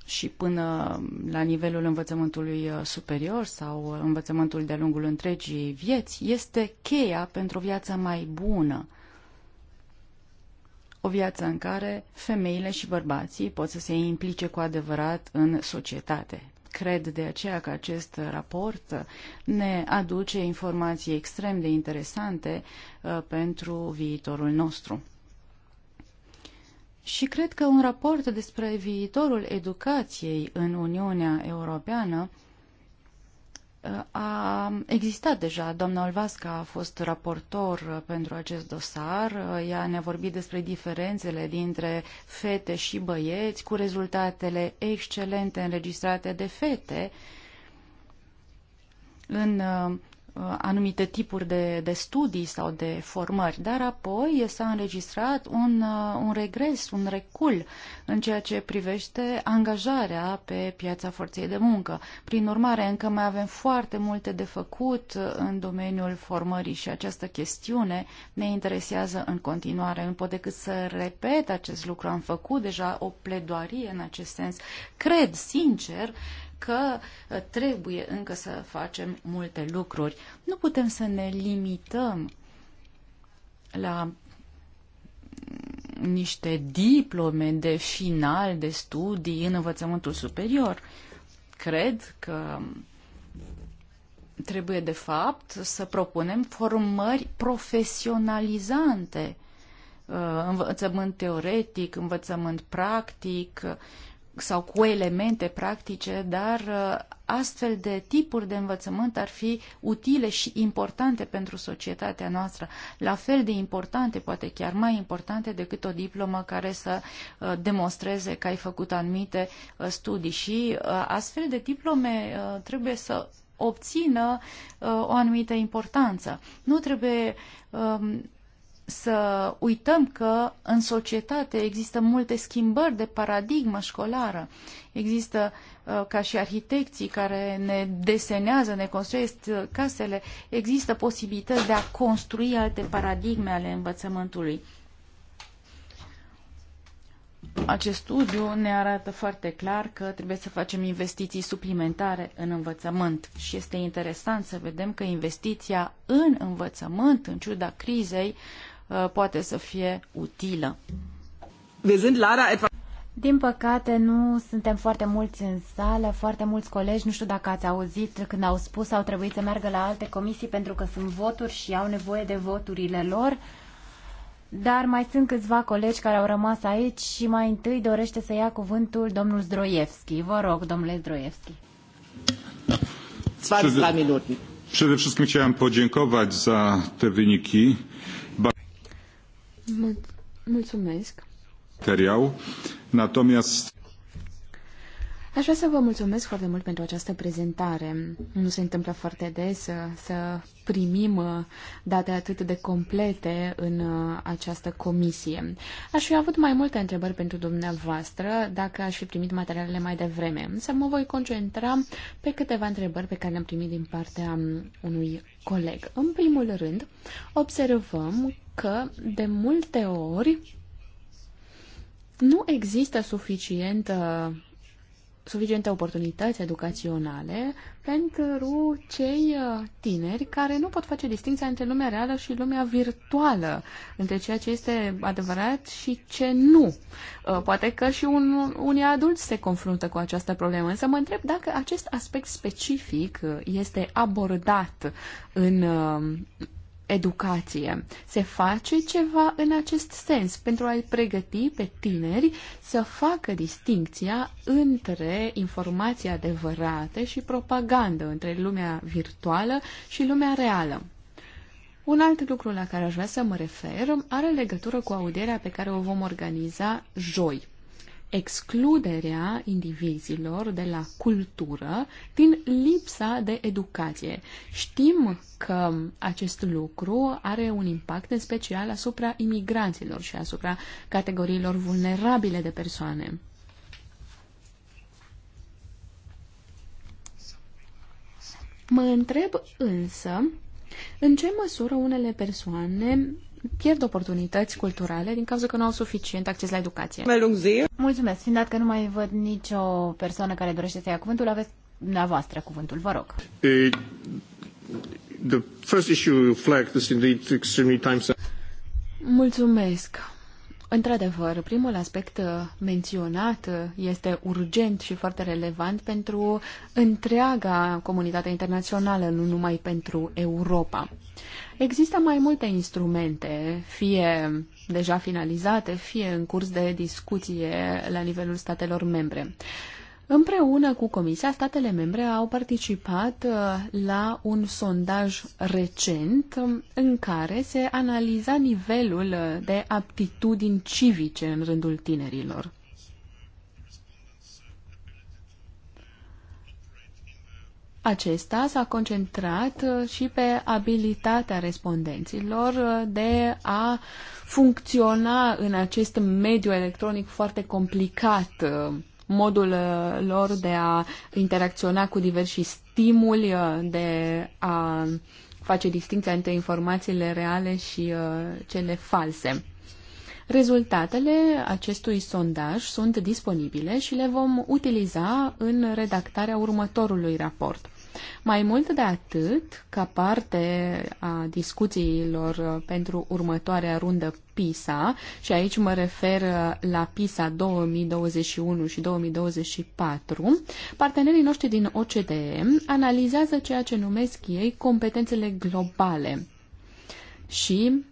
și până la nivelul învățământului uh, superior sau uh, învățământul de-a lungul întregii vieți, este cheia pentru o viață mai bună. O viață în care femeile și bărbații pot să se implice cu adevărat în societate, Cred de aceea că acest raport ne aduce informații extrem de interesante uh, pentru viitorul nostru. Și cred că un raport despre viitorul educației în Uniunea Europeană a existat deja. Doamna Olvasca a fost raportor pentru acest dosar. Ea ne-a vorbit despre diferențele dintre fete și băieți, cu rezultatele excelente înregistrate de fete în uh, Uh, anumite tipuri de, de studii sau de formări, dar apoi s-a înregistrat un, uh, un regres, un recul în ceea ce privește angajarea pe piața forței de muncă. Prin urmare, încă mai avem foarte multe de făcut în domeniul formării și această chestiune ne interesează în continuare. Nu pot decât să repet acest lucru. Am făcut deja o pledoarie în acest sens. Cred sincer că uh, trebuie încă să facem multe lucruri. Nu putem să ne limităm la niște diplome de final de studii în învățământul superior. Cred că trebuie, de fapt, să propunem formări profesionalizante uh, învățământ teoretic, învățământ practic sau cu elemente practice, dar uh, astfel de tipuri de învățământ ar fi utile și importante pentru societatea noastră, la fel de importante, poate chiar mai importante decât o diplomă care să uh, demonstreze că ai făcut anumite uh, studii și astfel de diplome trebuie să obțină o anumită importanță. Nu trebuie um, să uităm că în societate există multe schimbări de paradigmă școlară. Există uh, ca și arhitecții care ne desenează, ne construiesc uh, casele, există posibilități de a construi alte paradigme ale învățământului. Acest studiu ne arată foarte clar că trebuie să facem investiții suplimentare în învățământ și este interesant să vedem că investiția în învățământ, în ciuda crizei, Uh, poate să fie utilă. Din păcate, nu suntem foarte mulți în sală, foarte mulți colegi, nu știu dacă ați auzit când au spus, au trebuit să meargă la alte comisii pentru că sunt voturi și au nevoie de voturile lor. Dar mai sunt câțiva colegi care au rămas aici și mai întâi dorește să ia cuvântul domnul Zdroievski. Vă rog, domnule Zdroievski. 22 minute. Przede wszystkim chciałem podziękować za te wyniki mulțumesc. Teriau. Natomiast... Aș vrea să vă mulțumesc foarte mult pentru această prezentare. Nu se întâmplă foarte des să, să primim uh, date atât de complete în uh, această comisie. Aș fi avut mai multe întrebări pentru dumneavoastră dacă aș fi primit materialele mai devreme, însă mă voi concentra pe câteva întrebări pe care le-am primit din partea um, unui coleg. În primul rând, observăm că de multe ori nu există suficientă suficiente oportunități educaționale pentru cei uh, tineri care nu pot face distinția între lumea reală și lumea virtuală, între ceea ce este adevărat și ce nu. Uh, poate că și un, unii adulți se confruntă cu această problemă, însă mă întreb dacă acest aspect specific uh, este abordat în educație. Se face ceva în acest sens pentru a-i pregăti pe tineri să facă distincția între informații adevărate și propagandă, între lumea virtuală și lumea reală. Un alt lucru la care aș vrea să mă refer are legătură cu audierea pe care o vom organiza joi excluderea indivizilor de la cultură din lipsa de educație. Știm că acest lucru are un impact în special asupra imigranților și asupra categoriilor vulnerabile de persoane. Mă întreb însă în ce măsură unele persoane pierd oportunități culturale din cauza că nu au suficient acces la educație. Mulțumesc. Fiind dat că nu mai văd nicio persoană care dorește să ia cuvântul, aveți dumneavoastră cuvântul, vă rog. the first issue indeed extremely Mulțumesc. Într-adevăr, primul aspect uh, menționat uh, este urgent și foarte relevant pentru întreaga comunitate internațională, nu numai pentru Europa. Există mai multe instrumente, fie deja finalizate, fie în curs de discuție la nivelul statelor membre. Împreună cu Comisia, statele membre au participat uh, la un sondaj recent um, în care se analiza nivelul uh, de aptitudini civice în rândul tinerilor. Acesta s-a concentrat uh, și pe abilitatea respondenților de a funcționa în acest mediu electronic foarte complicat modul uh, lor de a interacționa cu diversi stimuli, uh, de a face distinția între informațiile reale și uh, cele false. Rezultatele acestui sondaj sunt disponibile și le vom utiliza în redactarea următorului raport. Mai mult de atât, ca parte a discuțiilor pentru următoarea rundă PISA, și aici mă refer la PISA 2021 și 2024, partenerii noștri din OCDE analizează ceea ce numesc ei competențele globale și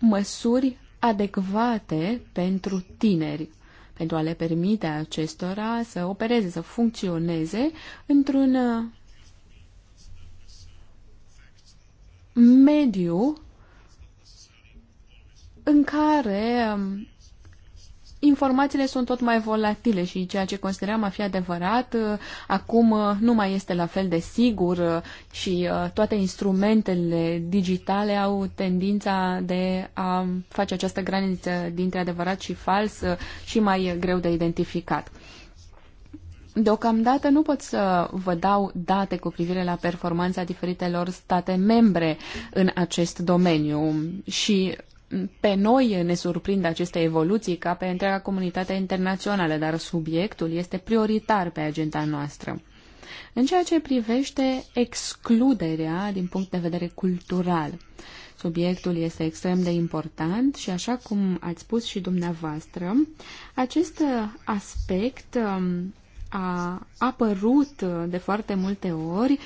măsuri adecvate pentru tineri, pentru a le permite acestora să opereze, să funcționeze într-un mediu în care um, informațiile sunt tot mai volatile și ceea ce consideram a fi adevărat uh, acum uh, nu mai este la fel de sigur uh, și toate instrumentele digitale au tendința de a face această graniță dintre adevărat și fals și mai greu de identificat. Deocamdată nu pot să vă dau date cu privire la performanța diferitelor state membre în acest domeniu și pe noi ne surprind aceste evoluții ca pe întreaga comunitate internațională, dar subiectul este prioritar pe agenda noastră. În ceea ce privește excluderea din punct de vedere cultural, Subiectul este extrem de important și, așa cum ați spus și dumneavoastră, acest aspect um, a apărut de foarte multe ori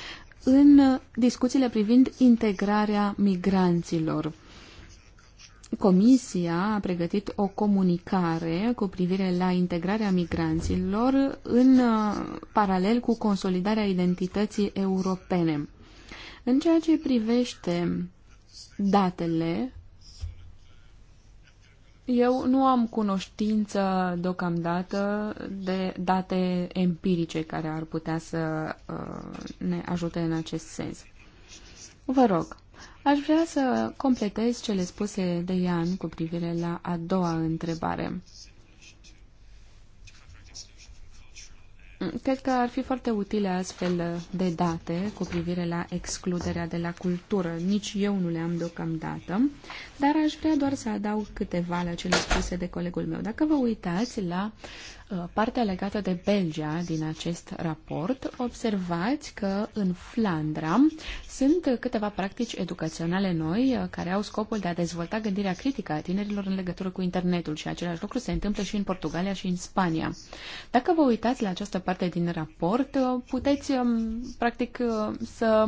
în discuțiile privind integrarea migranților. Comisia a pregătit o comunicare cu privire la integrarea migranților în uh, paralel cu consolidarea identității europene. În ceea ce privește datele eu nu am cunoștință deocamdată de date empirice care ar putea să uh, ne ajute în acest sens. Vă rog, aș vrea să completez cele spuse de Ian cu privire la a doua întrebare. Cred că ar fi foarte utile astfel de date cu privire la excluderea de la cultură. Nici eu nu le am deocamdată, dar aș vrea doar să adaug câteva la cele spuse de colegul meu. Dacă vă uitați la uh, Uh, partea legată de Belgia din acest raport, observați că în Flandra sunt câteva practici educaționale noi uh, care au scopul de a dezvolta gândirea critică a tinerilor în legătură cu internetul și același lucru se întâmplă și în Portugalia și în Spania. Dacă vă uitați la această parte din raport, uh, puteți um, practic să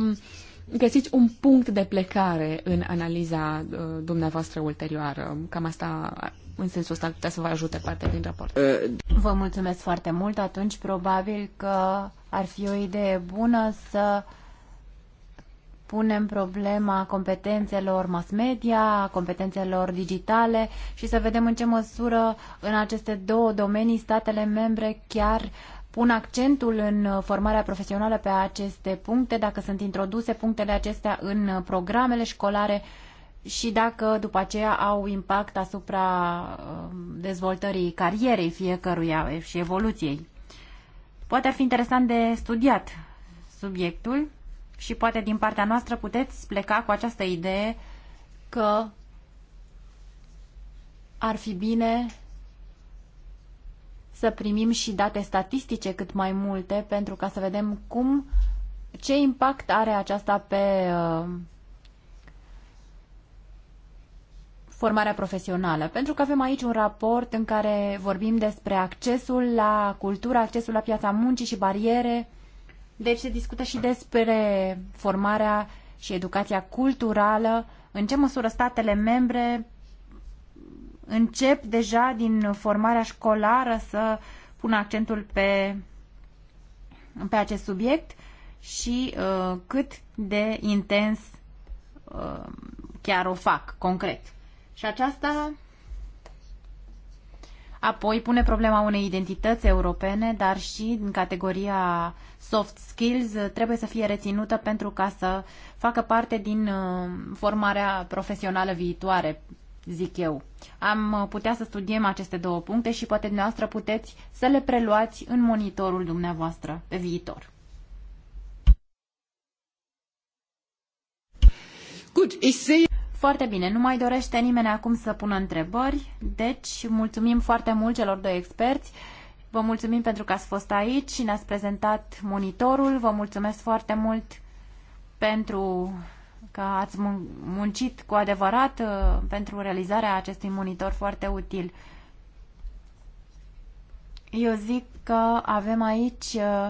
găsiți un punct de plecare în analiza uh, dumneavoastră ulterioară. Cam asta, în sensul ăsta, ar putea să vă ajute parte din raport. Uh, vă mulțumesc foarte mult. Atunci, probabil că ar fi o idee bună să punem problema competențelor mass media, competențelor digitale și să vedem în ce măsură în aceste două domenii statele membre chiar uh, pun accentul în formarea profesională pe aceste puncte, dacă sunt introduse punctele acestea în programele școlare și dacă după aceea au impact asupra um, dezvoltării carierei fiecăruia și evoluției. Poate ar fi interesant de studiat subiectul și poate din partea noastră puteți pleca cu această idee că ar fi bine să primim și date statistice cât mai multe pentru ca să vedem cum, ce impact are aceasta pe uh, formarea profesională. Pentru că avem aici un raport în care vorbim despre accesul la cultură, accesul la piața muncii și bariere. Deci se discută și despre formarea și educația culturală, în ce măsură statele membre încep deja din formarea școlară să pun accentul pe, pe acest subiect și uh, cât de intens uh, chiar o fac, concret. Și aceasta apoi pune problema unei identități europene, dar și în categoria soft skills trebuie să fie reținută pentru ca să facă parte din uh, formarea profesională viitoare zic eu. Am uh, putea să studiem aceste două puncte și poate dumneavoastră puteți să le preluați în monitorul dumneavoastră pe viitor. Good, Foarte bine, nu mai dorește nimeni acum să pună întrebări, deci mulțumim foarte mult celor doi experți. Vă mulțumim pentru că ați fost aici și ne-ați prezentat monitorul. Vă mulțumesc foarte mult pentru că ați muncit cu adevărat uh, pentru realizarea acestui monitor foarte util. Eu zic că avem aici uh,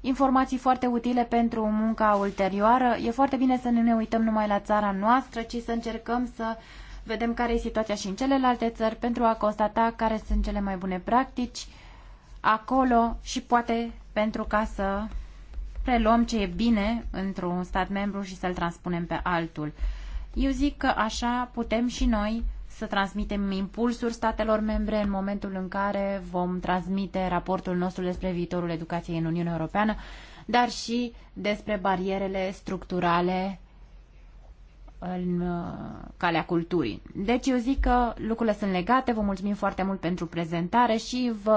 informații foarte utile pentru munca ulterioară. E foarte bine să nu ne uităm numai la țara noastră, ci să încercăm să vedem care e situația și în celelalte țări pentru a constata care sunt cele mai bune practici acolo și poate pentru ca să preluăm ce e bine într-un stat membru și să-l transpunem pe altul. Eu zic că așa putem și noi să transmitem impulsuri statelor membre în momentul în care vom transmite raportul nostru despre viitorul educației în Uniunea Europeană, dar și despre barierele structurale în uh, calea culturii. Deci eu zic că lucrurile sunt legate, vă mulțumim foarte mult pentru prezentare și vă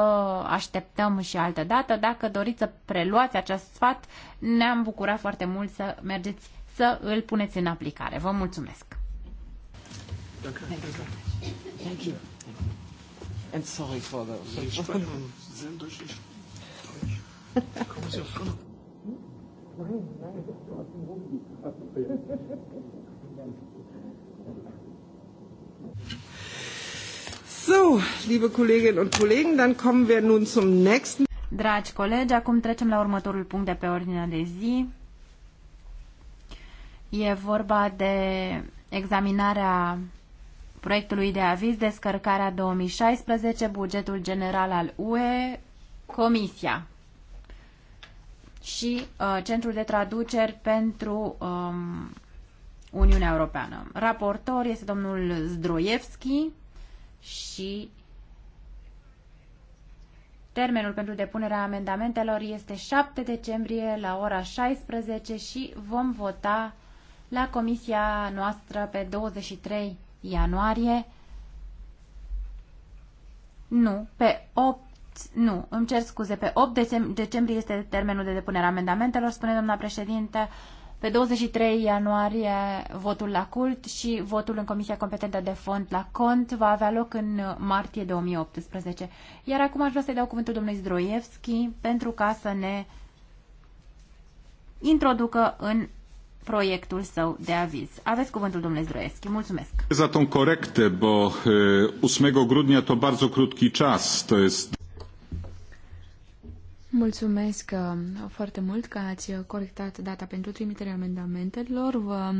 așteptăm și altă dată. Dacă doriți să preluați acest sfat, ne-am bucurat foarte mult să mergeți să îl puneți în aplicare. Vă mulțumesc! Thank you. Thank you. And sorry for the... So, liebe Kolleginnen und Kollegen, dann kommen wir nun zum nächsten. Dragi colegi, acum trecem la următorul punct de pe ordinea de zi. E vorba de examinarea proiectului de aviz descărcarea 2016, bugetul general al UE, Comisia și uh, Centrul de Traduceri pentru um, Uniunea Europeană. Raportor este domnul Zdroievski și termenul pentru depunerea amendamentelor este 7 decembrie la ora 16 și vom vota la comisia noastră pe 23 ianuarie. Nu, pe 8 nu, îmi cer scuze, pe 8 decembrie este termenul de depunere a amendamentelor, spune doamna președinte, pe 23 ianuarie votul la cult și votul în Comisia Competentă de Fond la cont va avea loc în martie 2018. Iar acum aș vrea să-i dau cuvântul domnului Zdroievski pentru ca să ne introducă în proiectul său de aviz. Aveți cuvântul, domnule Zdroievski. Mulțumesc. Za tą korektę, bo 8 grudnia to bardzo krótki czas, to jest Mulțumesc uh, foarte mult că ați corectat data pentru trimiterea amendamentelor. Vă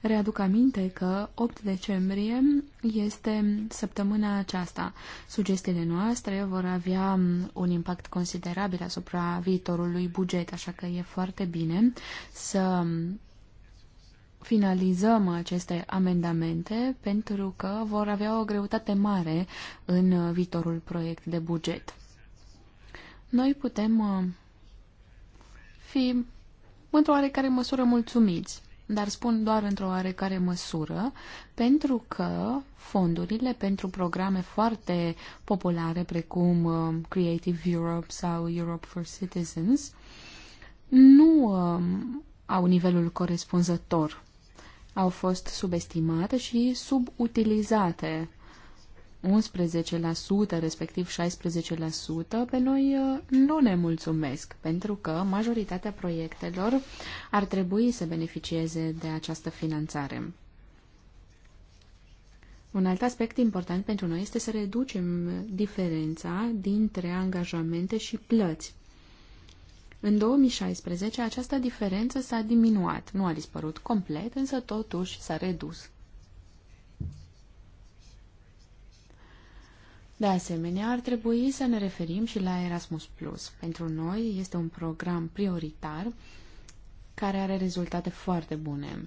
readuc aminte că 8 decembrie este săptămâna aceasta. Sugestiile noastre vor avea um, un impact considerabil asupra viitorului buget, așa că e foarte bine să um, finalizăm aceste amendamente pentru că vor avea o greutate mare în uh, viitorul proiect de buget noi putem uh, fi într-o oarecare măsură mulțumiți, dar spun doar într-o oarecare măsură, pentru că fondurile pentru programe foarte populare precum uh, Creative Europe sau Europe for Citizens nu um, au nivelul corespunzător. Au fost subestimate și subutilizate 11%, respectiv 16%, pe noi uh, nu ne mulțumesc, pentru că majoritatea proiectelor ar trebui să beneficieze de această finanțare. Un alt aspect important pentru noi este să reducem diferența dintre angajamente și plăți. În 2016 această diferență s-a diminuat, nu a dispărut complet, însă totuși s-a redus. De asemenea, ar trebui să ne referim și la Erasmus+. Plus. Pentru noi este un program prioritar care are rezultate foarte bune.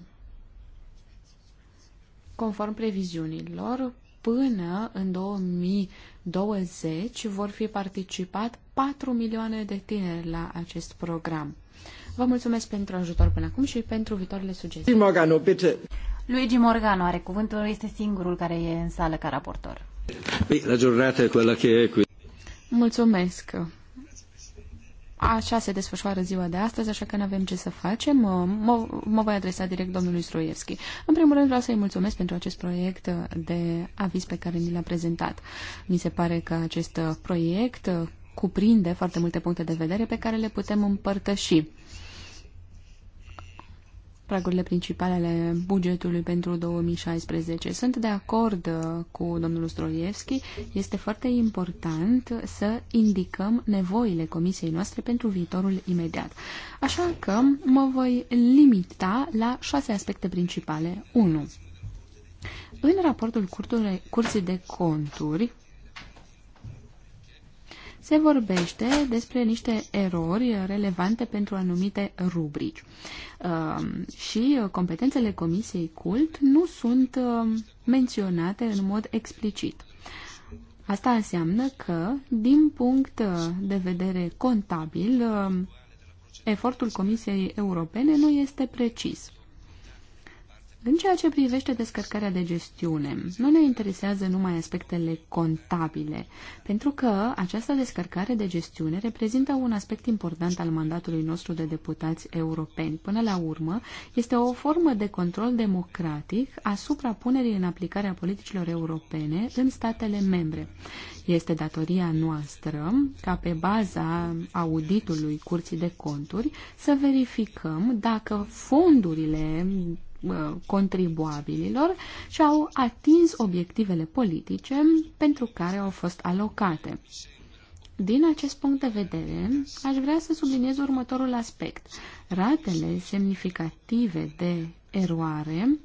Conform previziunilor, până în 2020 vor fi participat 4 milioane de tineri la acest program. Vă mulțumesc pentru ajutor până acum și pentru viitoarele sugestii. Morgano, bitte. Luigi Morgano are cuvântul, este singurul care e în sală ca raportor. La giornata quella che è Mulțumesc. Așa se desfășoară ziua de astăzi, așa că nu avem ce să facem. Mă, mă voi adresa direct domnului Stroievski. În primul rând vreau să-i mulțumesc pentru acest proiect de aviz pe care mi l-a prezentat. Mi se pare că acest proiect cuprinde foarte multe puncte de vedere pe care le putem împărtăși pragurile principale ale bugetului pentru 2016. Sunt de acord uh, cu domnul Stroievski. Este foarte important să indicăm nevoile comisiei noastre pentru viitorul imediat. Așa că mă voi limita la șase aspecte principale. 1. În raportul Curții de Conturi, se vorbește despre niște erori relevante pentru anumite rubrici. Um, și competențele Comisiei Cult nu sunt um, menționate în mod explicit. Asta înseamnă că, din punct de vedere contabil, um, efortul Comisiei Europene nu este precis. În ceea ce privește descărcarea de gestiune, nu ne interesează numai aspectele contabile, pentru că această descărcare de gestiune reprezintă un aspect important al mandatului nostru de deputați europeni. Până la urmă, este o formă de control democratic asupra punerii în aplicare a politicilor europene în statele membre. Este datoria noastră ca pe baza auditului Curții de Conturi să verificăm dacă fondurile contribuabililor și au atins obiectivele politice pentru care au fost alocate. Din acest punct de vedere, aș vrea să subliniez următorul aspect. Ratele semnificative de eroare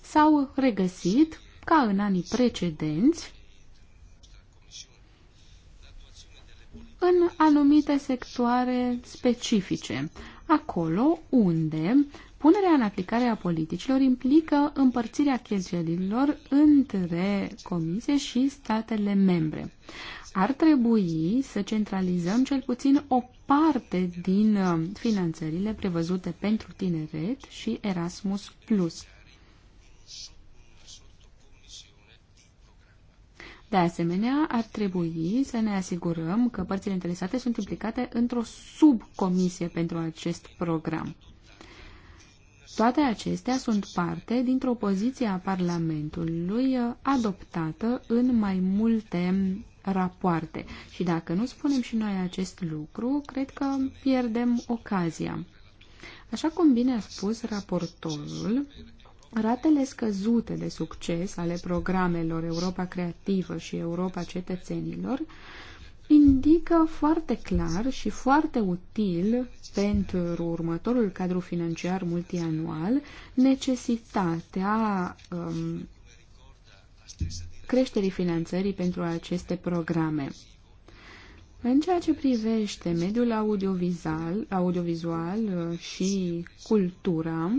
s-au regăsit ca în anii precedenți în anumite sectoare specifice, acolo unde Punerea în aplicare a politicilor implică împărțirea cheltuielilor între comisie și statele membre. Ar trebui să centralizăm cel puțin o parte din uh, finanțările prevăzute pentru tineret și Erasmus+. Plus. De asemenea, ar trebui să ne asigurăm că părțile interesate sunt implicate într-o subcomisie pentru acest program. Toate acestea sunt parte dintr-o poziție a Parlamentului uh, adoptată în mai multe um, rapoarte. Și dacă nu spunem și noi acest lucru, cred că pierdem ocazia. Așa cum bine a spus raportorul, Ratele scăzute de succes ale programelor Europa Creativă și Europa Cetățenilor indică foarte clar și foarte util pentru următorul cadru financiar multianual necesitatea um, creșterii finanțării pentru aceste programe. În ceea ce privește mediul audiovizual, audiovizual uh, și cultura,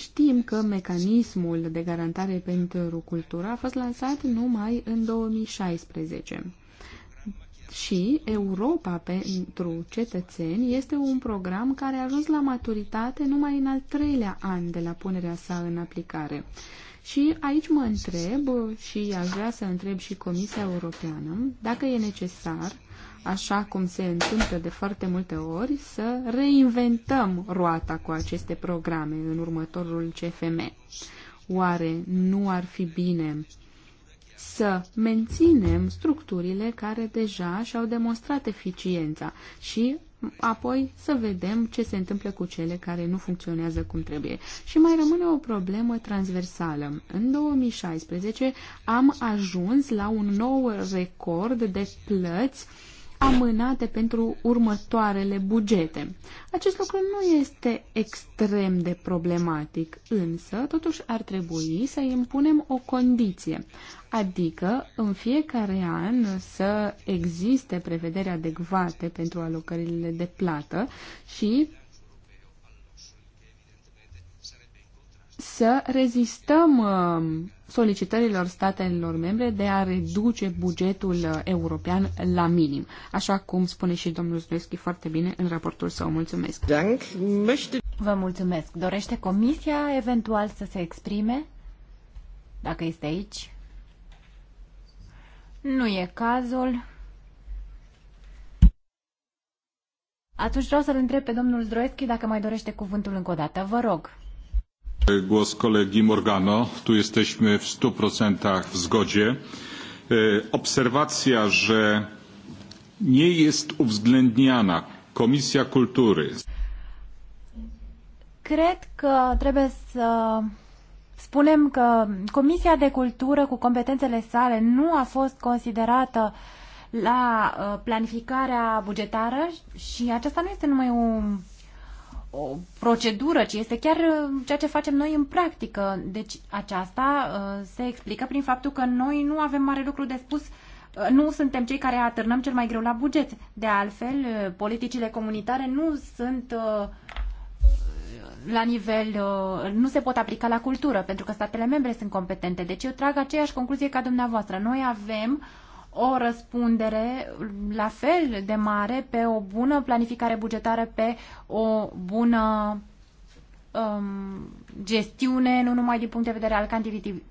Știm că mecanismul de garantare pentru cultură a fost lansat numai în 2016 și Europa pentru cetățeni este un program care a ajuns la maturitate numai în al treilea an de la punerea sa în aplicare. Și aici mă întreb și aș vrea să întreb și Comisia Europeană dacă e necesar așa cum se întâmplă de foarte multe ori, să reinventăm roata cu aceste programe în următorul CFM. Oare nu ar fi bine să menținem structurile care deja și-au demonstrat eficiența și apoi să vedem ce se întâmplă cu cele care nu funcționează cum trebuie. Și mai rămâne o problemă transversală. În 2016 am ajuns la un nou record de plăți uh, amânate pentru următoarele bugete. Acest lucru nu este extrem de problematic, însă totuși ar trebui să impunem o condiție, adică în fiecare an să existe prevederi adecvate pentru alocările de plată și să rezistăm uh, solicitărilor statelor membre de a reduce bugetul uh, european la minim, așa cum spune și domnul Zdreschi foarte bine în raportul său. Mulțumesc! Vă mulțumesc! Dorește Comisia eventual să se exprime? Dacă este aici? Nu e cazul. Atunci vreau să-l întreb pe domnul Zdroeschi dacă mai dorește cuvântul încă o dată. Vă rog! Głos kolegi Morgano. Tu jesteśmy w 100% w zgodzie. Obserwacja, że nie jest uwzględniana Komisja Kultury. Cred că trebuie să spunem că Comisia de Cultură cu competențele sale nu a fost considerată la uh, planificarea bugetară și aceasta nu este numai un o procedură, ci este chiar uh, ceea ce facem noi în practică. Deci aceasta uh, se explică prin faptul că noi nu avem mare lucru de spus uh, nu suntem cei care atârnăm cel mai greu la buget. De altfel, politicile comunitare nu sunt la nivel, nu se pot aplica la cultură, pentru că statele membre sunt competente. Deci eu trag aceeași concluzie ca dumneavoastră. Noi avem o răspundere la fel de mare pe o bună planificare bugetară, pe o bună um, gestiune, nu numai din punct de vedere al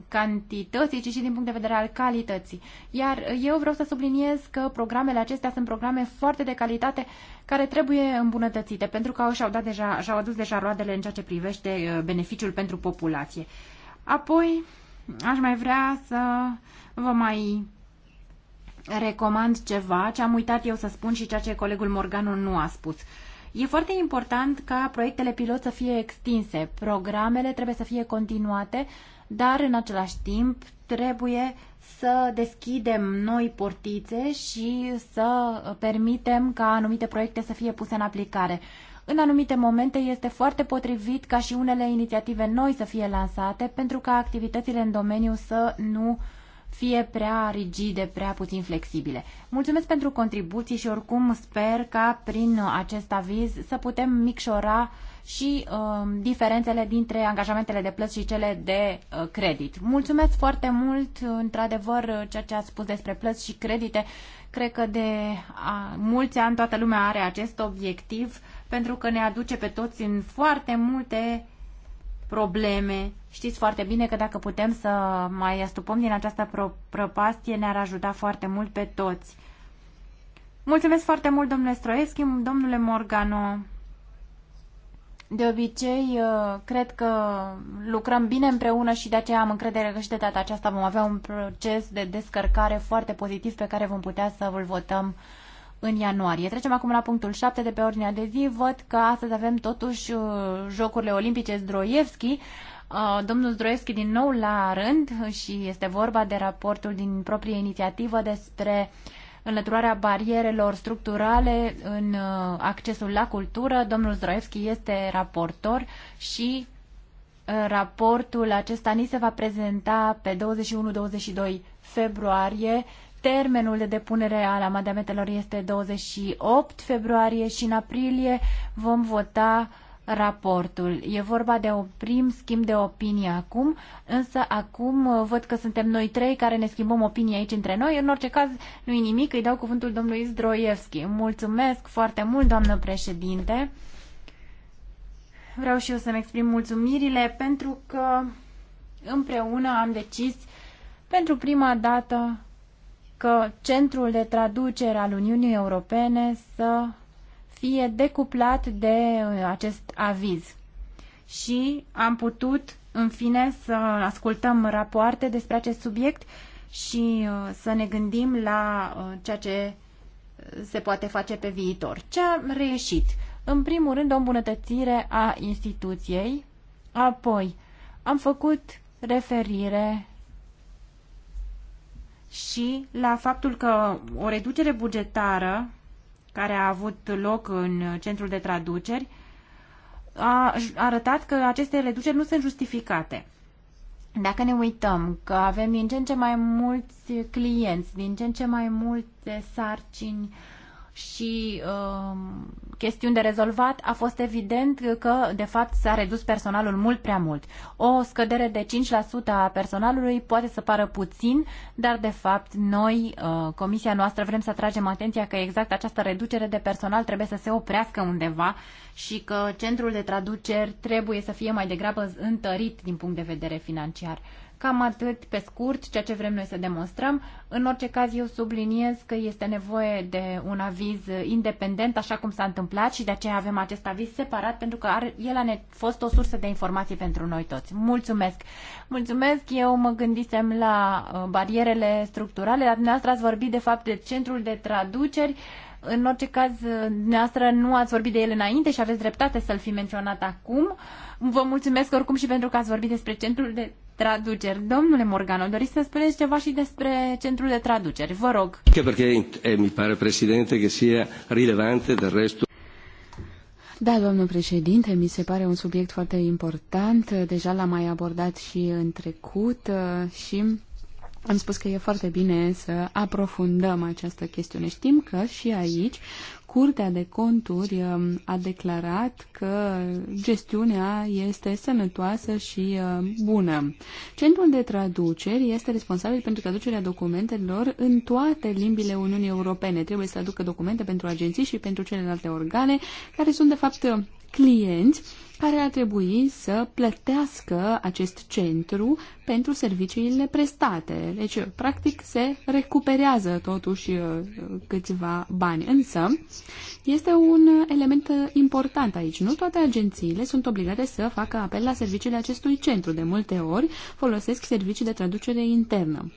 cantității, ci și din punct de vedere al calității. Iar eu vreau să subliniez că programele acestea sunt programe foarte de calitate care trebuie îmbunătățite, pentru că și-au, dat deja, și-au adus deja roadele în ceea ce privește uh, beneficiul pentru populație. Apoi, aș mai vrea să vă mai recomand ceva, ce am uitat eu să spun și ceea ce colegul Morganu nu a spus. E foarte important ca proiectele pilot să fie extinse, programele trebuie să fie continuate, dar în același timp trebuie să deschidem noi portițe și să permitem ca anumite proiecte să fie puse în aplicare. În anumite momente este foarte potrivit ca și unele inițiative noi să fie lansate pentru ca activitățile în domeniu să nu uh, fie prea rigide, prea puțin flexibile. Mulțumesc pentru contribuții și oricum sper ca prin acest aviz să putem micșora și uh, diferențele dintre angajamentele de plăți și cele de uh, credit. Mulțumesc foarte mult, într-adevăr, ceea ce ați spus despre plăți și credite. Cred că de a, mulți ani toată lumea are acest obiectiv pentru că ne aduce pe toți în foarte multe probleme Știți foarte bine că dacă putem să mai astupăm din această pro- prăpastie, ne-ar ajuta foarte mult pe toți. Mulțumesc foarte mult, domnule Stroieschi, domnule Morgano. De obicei, uh, cred că lucrăm bine împreună și de aceea am încredere că și de data aceasta vom avea un proces de descărcare foarte pozitiv pe care vom putea să îl votăm în ianuarie. Trecem acum la punctul 7 de pe ordinea de zi. Văd că astăzi avem totuși uh, Jocurile Olimpice Zdroievski. Uh, domnul Zdroieschi din nou la rând și este vorba de raportul din proprie inițiativă despre înlăturarea barierelor structurale în uh, accesul la cultură. Domnul Zdroievski este raportor și uh, raportul acesta ni se va prezenta pe 21-22 februarie. Termenul de depunere al amendamentelor este 28 februarie și în aprilie vom vota raportul. E vorba de un prim schimb de opinie acum, însă acum uh, văd că suntem noi trei care ne schimbăm opinia aici între noi. În orice caz, nu-i nimic, îi dau cuvântul domnului Zdroievski. Mulțumesc foarte mult, doamnă președinte. Vreau și eu să-mi exprim mulțumirile pentru că împreună am decis pentru prima dată că Centrul de Traducere al Uniunii Europene să fie decuplat de uh, acest aviz. Și am putut, în fine, să ascultăm rapoarte despre acest subiect și uh, să ne gândim la uh, ceea ce se poate face pe viitor. Ce a reieșit? În primul rând, o îmbunătățire a instituției, apoi am făcut referire și la faptul că o reducere bugetară care a avut loc în centrul de traduceri a arătat că aceste reduceri nu sunt justificate. Dacă ne uităm că avem din ce în ce mai mulți clienți, din ce în ce mai multe sarcini uh, și uh, chestiuni de rezolvat, a fost evident că, de fapt, s-a redus personalul mult prea mult. O scădere de 5% a personalului poate să pară puțin, dar, de fapt, noi, uh, comisia noastră, vrem să atragem atenția că exact această reducere de personal trebuie să se oprească undeva și că centrul de traduceri trebuie să fie mai degrabă întărit din punct de vedere financiar. Uh, Cam atât, pe scurt, ceea ce vrem noi să demonstrăm. În orice caz, eu subliniez că este nevoie de un aviz independent, așa cum s-a întâmplat și de aceea avem acest aviz separat, pentru că el a fost o sursă de informații pentru noi toți. Mulțumesc! Mulțumesc! Eu mă gândisem la uh, barierele structurale, dar dumneavoastră ați vorbit, de fapt, de centrul de traduceri. Uh, în orice caz, dumneavoastră nu ați vorbit de el înainte și aveți dreptate să-l fi menționat acum. Vă mulțumesc oricum și pentru că ați vorbit despre centrul de traduceri. Domnule Morgano, doriți să spuneți ceva și despre centrul de traduceri. Vă rog. Perché eh, mi pare, președinte, că sia rilevante del resto. Da, domnul președinte, mi se pare un subiect foarte important. Deja l-am mai abordat și în trecut eh, și am spus că e foarte bine să aprofundăm această chestiune. Știm că și aici Curtea de Conturi um, a declarat că gestiunea este sănătoasă și um, bună. Centrul de traduceri este responsabil pentru traducerea documentelor în toate limbile Uniunii Europene. Trebuie să aducă documente pentru agenții și pentru celelalte organe care sunt, de fapt, clienți care ar trebui să plătească acest centru pentru serviciile prestate. Deci, practic, se recuperează totuși uh, câțiva bani. Însă, este un element uh, important aici. Nu toate agențiile sunt obligate să facă apel la serviciile acestui centru. De multe ori folosesc servicii de traducere internă.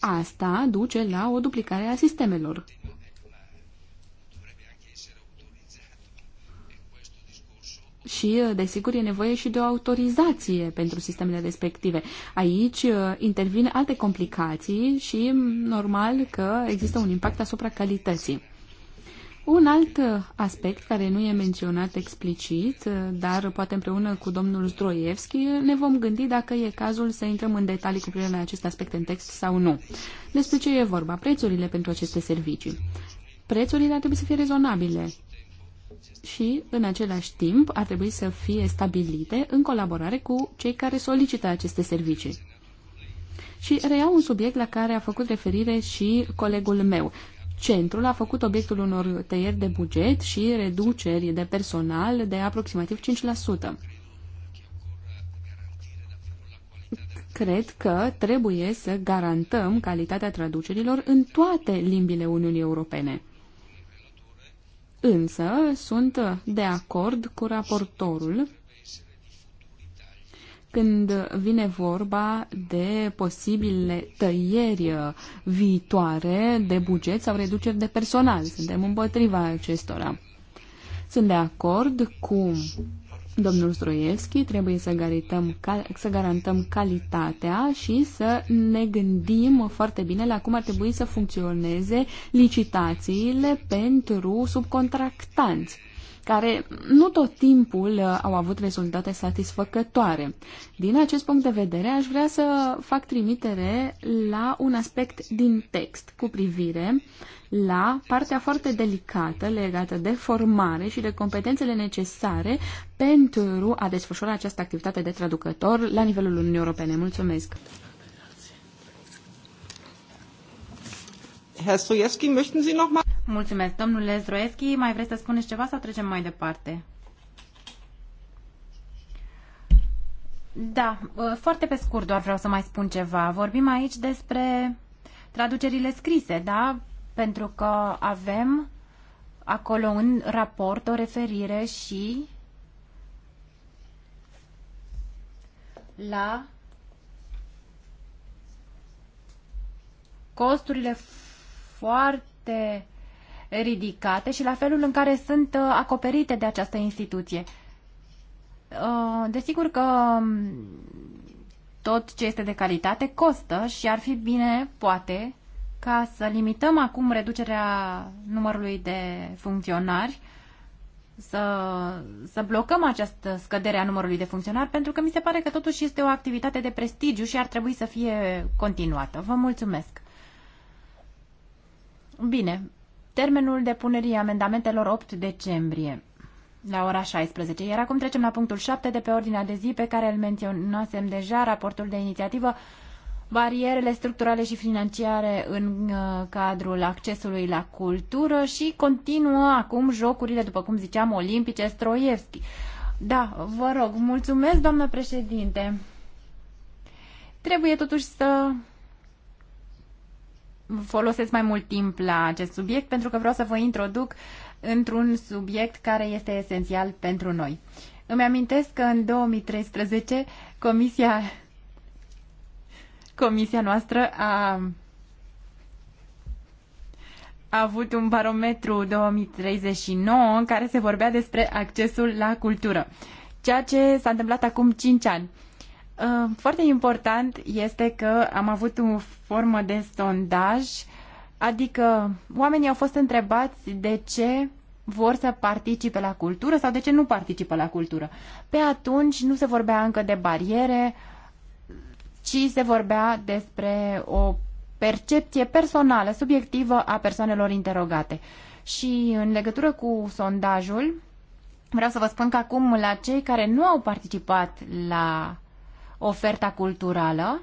Asta duce la o duplicare a sistemelor. și, uh, desigur, e nevoie și de o autorizație pentru sistemele respective. Aici uh, intervin alte complicații și normal că există un impact asupra calității. Un alt uh, aspect care nu e menționat explicit, dar poate împreună cu domnul Zdroievski ne vom gândi dacă e cazul să intrăm în detalii cu privire la acest aspect în text sau nu. Despre ce e vorba? Prețurile pentru aceste servicii. Prețurile ar trebui să fie rezonabile și, în același timp, ar trebui să fie stabilite în colaborare cu cei care solicită aceste servicii. Și reiau un subiect la care a făcut referire și colegul meu. Centrul a făcut obiectul unor tăieri de buget și reduceri de personal de aproximativ 5%. Cred că trebuie să garantăm calitatea traducerilor în toate limbile Uniunii Europene. Însă sunt de acord cu raportorul când vine vorba de posibile tăieri viitoare de buget sau reduceri de personal. Suntem împotriva acestora. Sunt de acord cu domnul Stroievski, trebuie să garantăm, să garantăm calitatea și să ne gândim foarte bine la cum ar trebui să funcționeze licitațiile pentru subcontractanți care nu tot timpul uh, au avut rezultate satisfăcătoare. Din acest punct de vedere, aș vrea să fac trimitere la un aspect din text cu privire la partea foarte delicată legată de formare și de competențele necesare pentru a desfășura această activitate de traducător la nivelul Uniunii Europene. Mulțumesc! Herr möchten Sie noch mal? Mulțumesc. Domnule Zdroievski, mai vreți să spuneți ceva sau trecem mai departe? Da, ă, foarte pe scurt doar vreau să mai spun ceva. Vorbim aici despre traducerile scrise, da? Pentru că avem acolo în raport o referire și la costurile foarte ridicate și la felul în care sunt uh, acoperite de această instituție. Uh, desigur că um, tot ce este de calitate costă și ar fi bine, poate, ca să limităm acum reducerea numărului de funcționari, să, să blocăm această scădere a numărului de funcționari, pentru că mi se pare că totuși este o activitate de prestigiu și ar trebui să fie continuată. Vă mulțumesc! Bine, termenul depunerii amendamentelor 8 decembrie la ora 16. Iar acum trecem la punctul 7 de pe ordinea de zi pe care îl menționasem deja, raportul de inițiativă barierele structurale și financiare în uh, cadrul accesului la cultură și continuă acum jocurile, după cum ziceam, olimpice Stroievski. Da, vă rog, mulțumesc, doamnă președinte. Trebuie totuși să folosesc mai mult timp la acest subiect pentru că vreau să vă introduc într-un subiect care este esențial pentru noi. Îmi amintesc că în 2013 comisia, comisia noastră a a avut un barometru 2039 în care se vorbea despre accesul la cultură, ceea ce s-a întâmplat acum 5 ani. Uh, foarte important este că am avut o formă de sondaj, adică oamenii au fost întrebați de ce vor să participe la cultură sau de ce nu participă la cultură. Pe atunci nu se vorbea încă de bariere, ci se vorbea despre o percepție personală, subiectivă a persoanelor interogate. Și în legătură cu sondajul, vreau să vă spun că acum la cei care nu au participat la oferta culturală,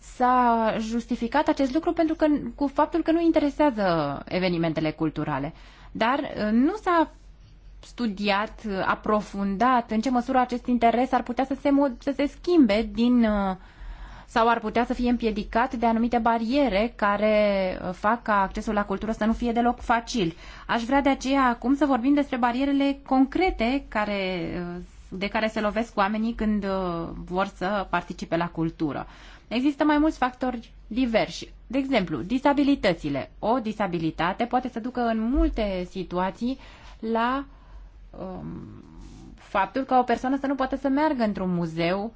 s-a justificat acest lucru pentru că, cu faptul că nu interesează evenimentele culturale. Dar uh, nu s-a studiat, uh, aprofundat în ce măsură acest interes ar putea să se, să se schimbe din uh, sau ar putea să fie împiedicat de anumite bariere care fac ca accesul la cultură să nu fie deloc facil. Aș vrea de aceea acum să vorbim despre barierele concrete care de care se lovesc oamenii când uh, vor să participe la cultură. Există mai mulți factori diversi. De exemplu, disabilitățile. O disabilitate poate să ducă în multe situații la um, faptul că o persoană să nu poată să meargă într-un muzeu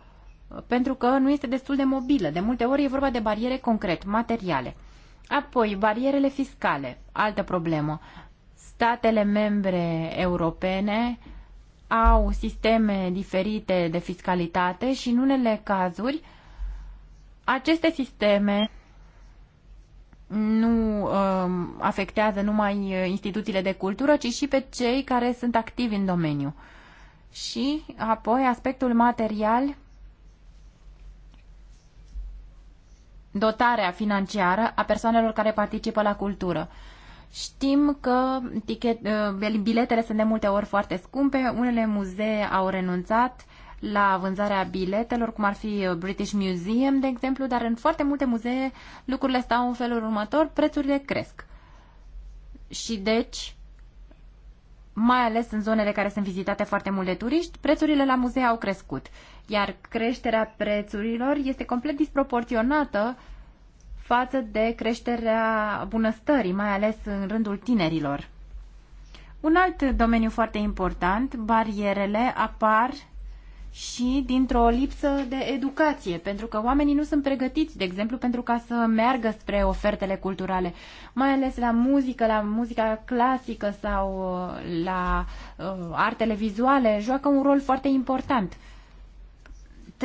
uh, pentru că nu este destul de mobilă. De multe ori e vorba de bariere concret, materiale. Apoi, barierele fiscale, altă problemă. Statele membre europene uh, au sisteme diferite de fiscalitate și în unele cazuri aceste sisteme nu um, afectează numai instituțiile de cultură, ci și pe cei care sunt activi în domeniu. Și apoi aspectul material, dotarea financiară a persoanelor care participă la cultură. Știm că tichet, uh, biletele sunt de multe ori foarte scumpe, unele muzee au renunțat la vânzarea biletelor, cum ar fi uh, British Museum, de exemplu, dar în foarte multe muzee lucrurile stau în felul următor, prețurile cresc. Și deci, mai ales în zonele care sunt vizitate foarte mult de turiști, prețurile la muzee au crescut, iar creșterea prețurilor este complet disproporționată față de creșterea bunăstării, mai ales în rândul tinerilor. Un alt domeniu foarte important, barierele apar și dintr-o lipsă de educație, pentru că oamenii nu sunt pregătiți, de exemplu, pentru ca să meargă spre ofertele culturale, mai ales la muzică, la muzica clasică sau uh, la uh, artele vizuale, joacă un rol foarte important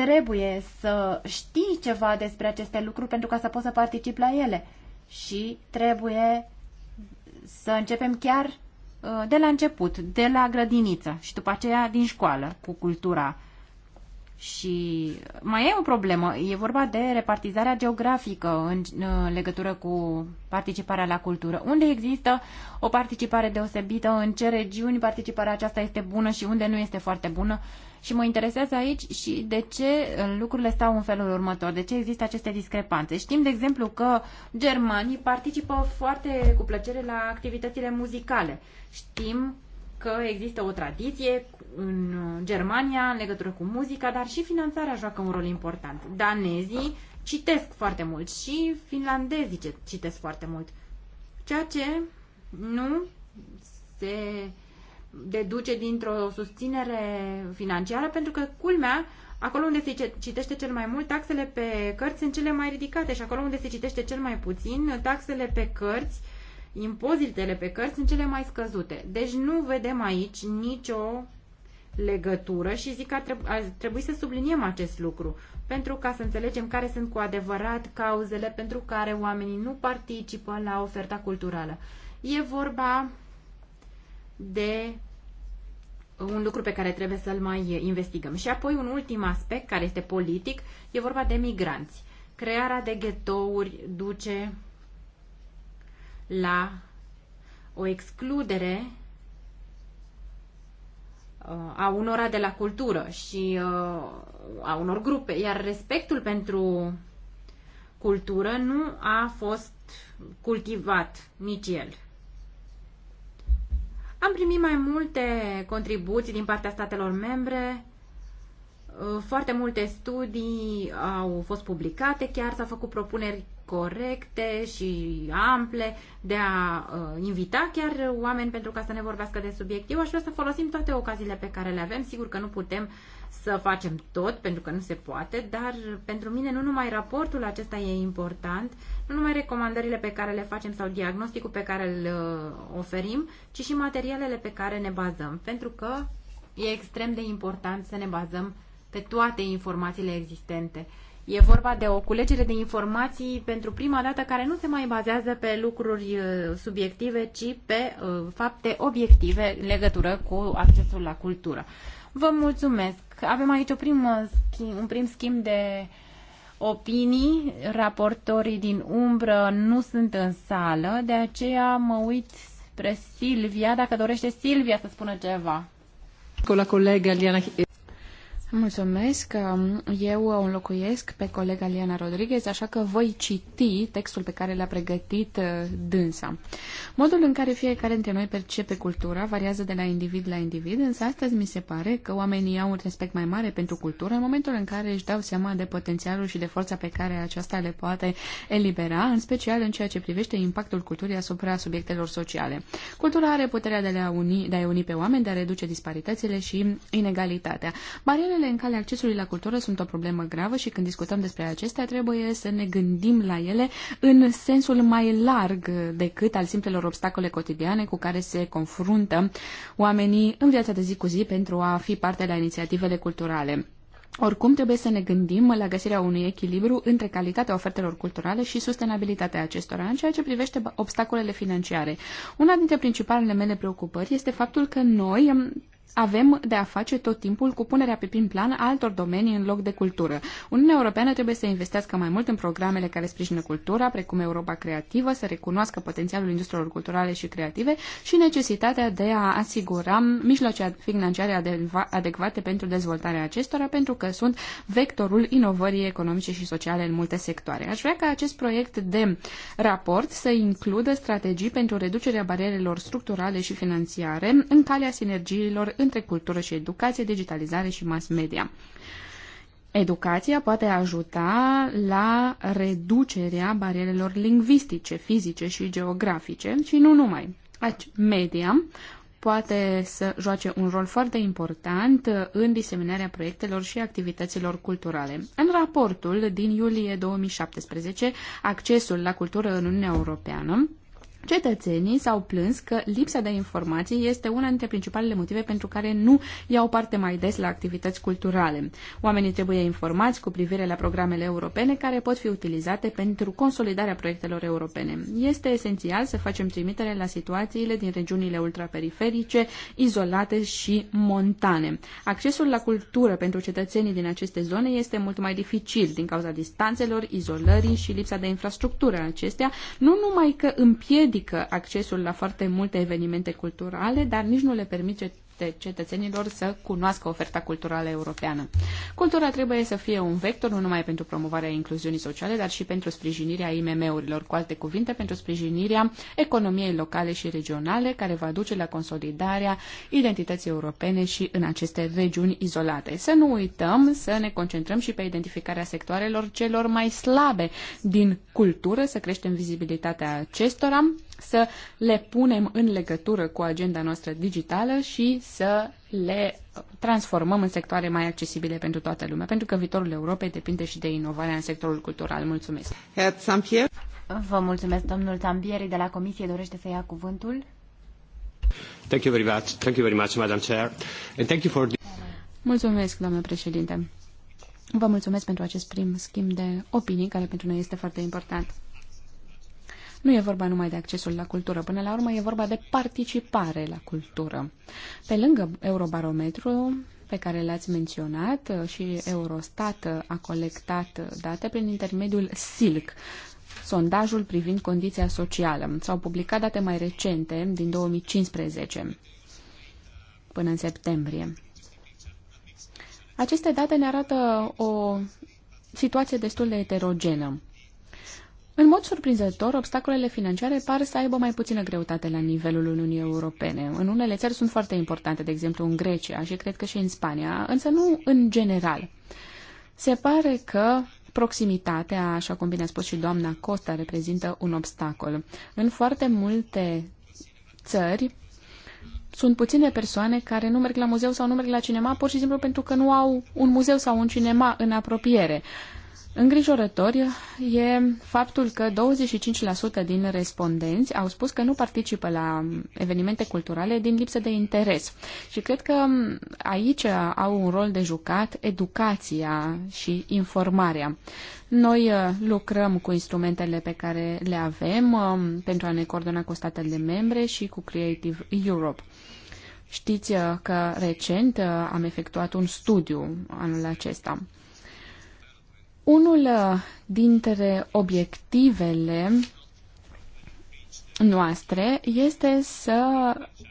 trebuie să știi ceva despre aceste lucruri pentru ca să poți să participi la ele. Și trebuie să începem chiar uh, de la început, de la grădiniță și după aceea din școală cu cultura și mai e o problemă, e vorba de repartizarea geografică în, legătură cu participarea la cultură. Unde există o participare deosebită, în ce regiuni participarea aceasta este bună și unde nu este foarte bună. Și mă interesează aici și de ce lucrurile stau în felul următor, de ce există aceste discrepanțe. Știm, de exemplu, că germanii participă foarte cu plăcere la activitățile muzicale. Știm că există o tradiție în Germania în legătură cu muzica, dar și finanțarea joacă un rol important. Danezii citesc foarte mult și finlandezii citesc foarte mult, ceea ce nu se deduce dintr-o susținere financiară, pentru că, culmea, acolo unde se citește cel mai mult, taxele pe cărți sunt cele mai ridicate și acolo unde se citește cel mai puțin, taxele pe cărți, impozitele pe cărți sunt cele mai scăzute. Deci nu vedem aici nicio legătură și zic că ar, trebui, ar trebui să subliniem acest lucru pentru ca să înțelegem care sunt cu adevărat cauzele pentru care oamenii nu participă la oferta culturală. E vorba de un lucru pe care trebuie să-l mai investigăm. Și apoi un ultim aspect care este politic, e vorba de migranți. Crearea de ghetouri duce la o excludere a unora de la cultură și uh, a unor grupe, iar respectul pentru cultură nu a fost cultivat nici el. Am primit mai multe contribuții din partea statelor membre, uh, foarte multe studii au fost publicate, chiar s-au făcut propuneri corecte și ample, de a uh, invita chiar oameni pentru ca să ne vorbească de subiect. Eu aș vrea să folosim toate ocaziile pe care le avem. Sigur că nu putem să facem tot, pentru că nu se poate, dar pentru mine nu numai raportul acesta e important, nu numai recomandările pe care le facem sau diagnosticul pe care îl uh, oferim, ci și materialele pe care ne bazăm, pentru că e extrem de important să ne bazăm pe toate informațiile existente. E vorba de o culegere de informații pentru prima dată care nu se mai bazează pe lucruri uh, subiective, ci pe uh, fapte obiective în legătură cu accesul la cultură. Vă mulțumesc! Avem aici o primă, un prim schimb de opinii. Raportorii din umbră nu sunt în sală, de aceea mă uit spre Silvia, dacă dorește Silvia să spună ceva. Cu la colega Liana Mulțumesc. Eu o înlocuiesc pe colega Liana Rodriguez, așa că voi citi textul pe care l-a pregătit uh, dânsa. Modul în care fiecare dintre noi percepe cultura variază de la individ la individ, însă astăzi mi se pare că oamenii au un respect mai mare pentru cultură în momentul în care își dau seama de potențialul și de forța pe care aceasta le poate elibera, în special în ceea ce privește impactul culturii asupra subiectelor sociale. Cultura are puterea de, a uni, de a uni pe oameni, de a reduce disparitățile și inegalitatea. Barierele Barierele în calea accesului la cultură sunt o problemă gravă și când discutăm despre acestea trebuie să ne gândim la ele în sensul mai larg decât al simplelor obstacole cotidiane cu care se confruntă oamenii în viața de zi cu zi pentru a fi parte la inițiativele culturale. Oricum, trebuie să ne gândim la găsirea unui echilibru între calitatea ofertelor culturale și sustenabilitatea acestora în ceea ce privește obstacolele financiare. Una dintre principalele mele preocupări este faptul că noi avem de a face tot timpul cu punerea pe prim plan a altor domenii în loc de cultură. Uniunea Europeană trebuie să investească mai mult în programele care sprijină cultura, precum Europa Creativă, să recunoască potențialul industriilor culturale și creative și necesitatea de a asigura mijloace financiare adecvate pentru dezvoltarea acestora, pentru că sunt vectorul inovării economice și sociale în multe sectoare. Aș vrea ca acest proiect de raport să includă strategii pentru reducerea barierelor structurale și financiare în calea sinergiilor între cultură și educație, digitalizare și mass media. Educația poate ajuta la reducerea barierelor lingvistice, fizice și geografice și nu numai. Media poate să joace un rol foarte important în diseminarea proiectelor și activităților culturale. În raportul din iulie 2017, Accesul la cultură în Uniunea Europeană, Cetățenii s-au plâns că lipsa de informații este una dintre principalele motive pentru care nu iau parte mai des la activități culturale. Oamenii trebuie informați cu privire la programele europene care pot fi utilizate pentru consolidarea proiectelor europene. Este esențial să facem trimitere la situațiile din regiunile ultraperiferice, izolate și montane. Accesul la cultură pentru cetățenii din aceste zone este mult mai dificil din cauza distanțelor, izolării și lipsa de infrastructură acestea, nu numai că împiedică împiedică accesul la foarte multe evenimente culturale, dar nici nu le permite cetățenilor să cunoască oferta culturală europeană. Cultura trebuie să fie un vector nu numai pentru promovarea incluziunii sociale, dar și pentru sprijinirea IMM-urilor, cu alte cuvinte, pentru sprijinirea economiei locale și regionale, care va duce la consolidarea identității europene și în aceste regiuni izolate. Să nu uităm să ne concentrăm și pe identificarea sectoarelor celor mai slabe din cultură, să creștem vizibilitatea acestora să le punem în legătură cu agenda noastră digitală și să le transformăm în sectoare mai accesibile pentru toată lumea, pentru că viitorul Europei depinde și de inovarea în sectorul cultural. Mulțumesc! Vă mulțumesc, domnul Tambieri, de la Comisie dorește să ia cuvântul. Thank you very much. Thank you very much, Madam Chair. And thank you for Mulțumesc, doamnă președinte. Vă mulțumesc pentru acest prim schimb de opinii, care pentru noi este foarte important. Nu e vorba numai de accesul la cultură, până la urmă e vorba de participare la cultură. Pe lângă Eurobarometru, pe care le-ați menționat uh, și Eurostat uh, a colectat uh, date prin intermediul SILC, sondajul privind condiția socială. S-au publicat date mai recente din 2015 până în septembrie. Aceste date ne arată o situație destul de heterogenă. În mod surprinzător, obstacolele financiare par să aibă mai puțină greutate la nivelul Uniunii Europene. În unele țări sunt foarte importante, de exemplu în Grecia și cred că și în Spania, însă nu în general. Se pare că proximitatea, așa cum bine a spus și doamna Costa, reprezintă un obstacol. În foarte multe țări sunt puține persoane care nu merg la muzeu sau nu merg la cinema pur și simplu pentru că nu au un muzeu sau un cinema în apropiere. Îngrijorător e faptul că 25% din respondenți au spus că nu participă la evenimente culturale din lipsă de interes. Și cred că aici au un rol de jucat educația și informarea. Noi uh, lucrăm cu instrumentele pe care le avem um, pentru a ne coordona cu statele membre și cu Creative Europe. Știți uh, că recent uh, am efectuat un studiu anul acesta. Unul uh, dintre obiectivele noastre este să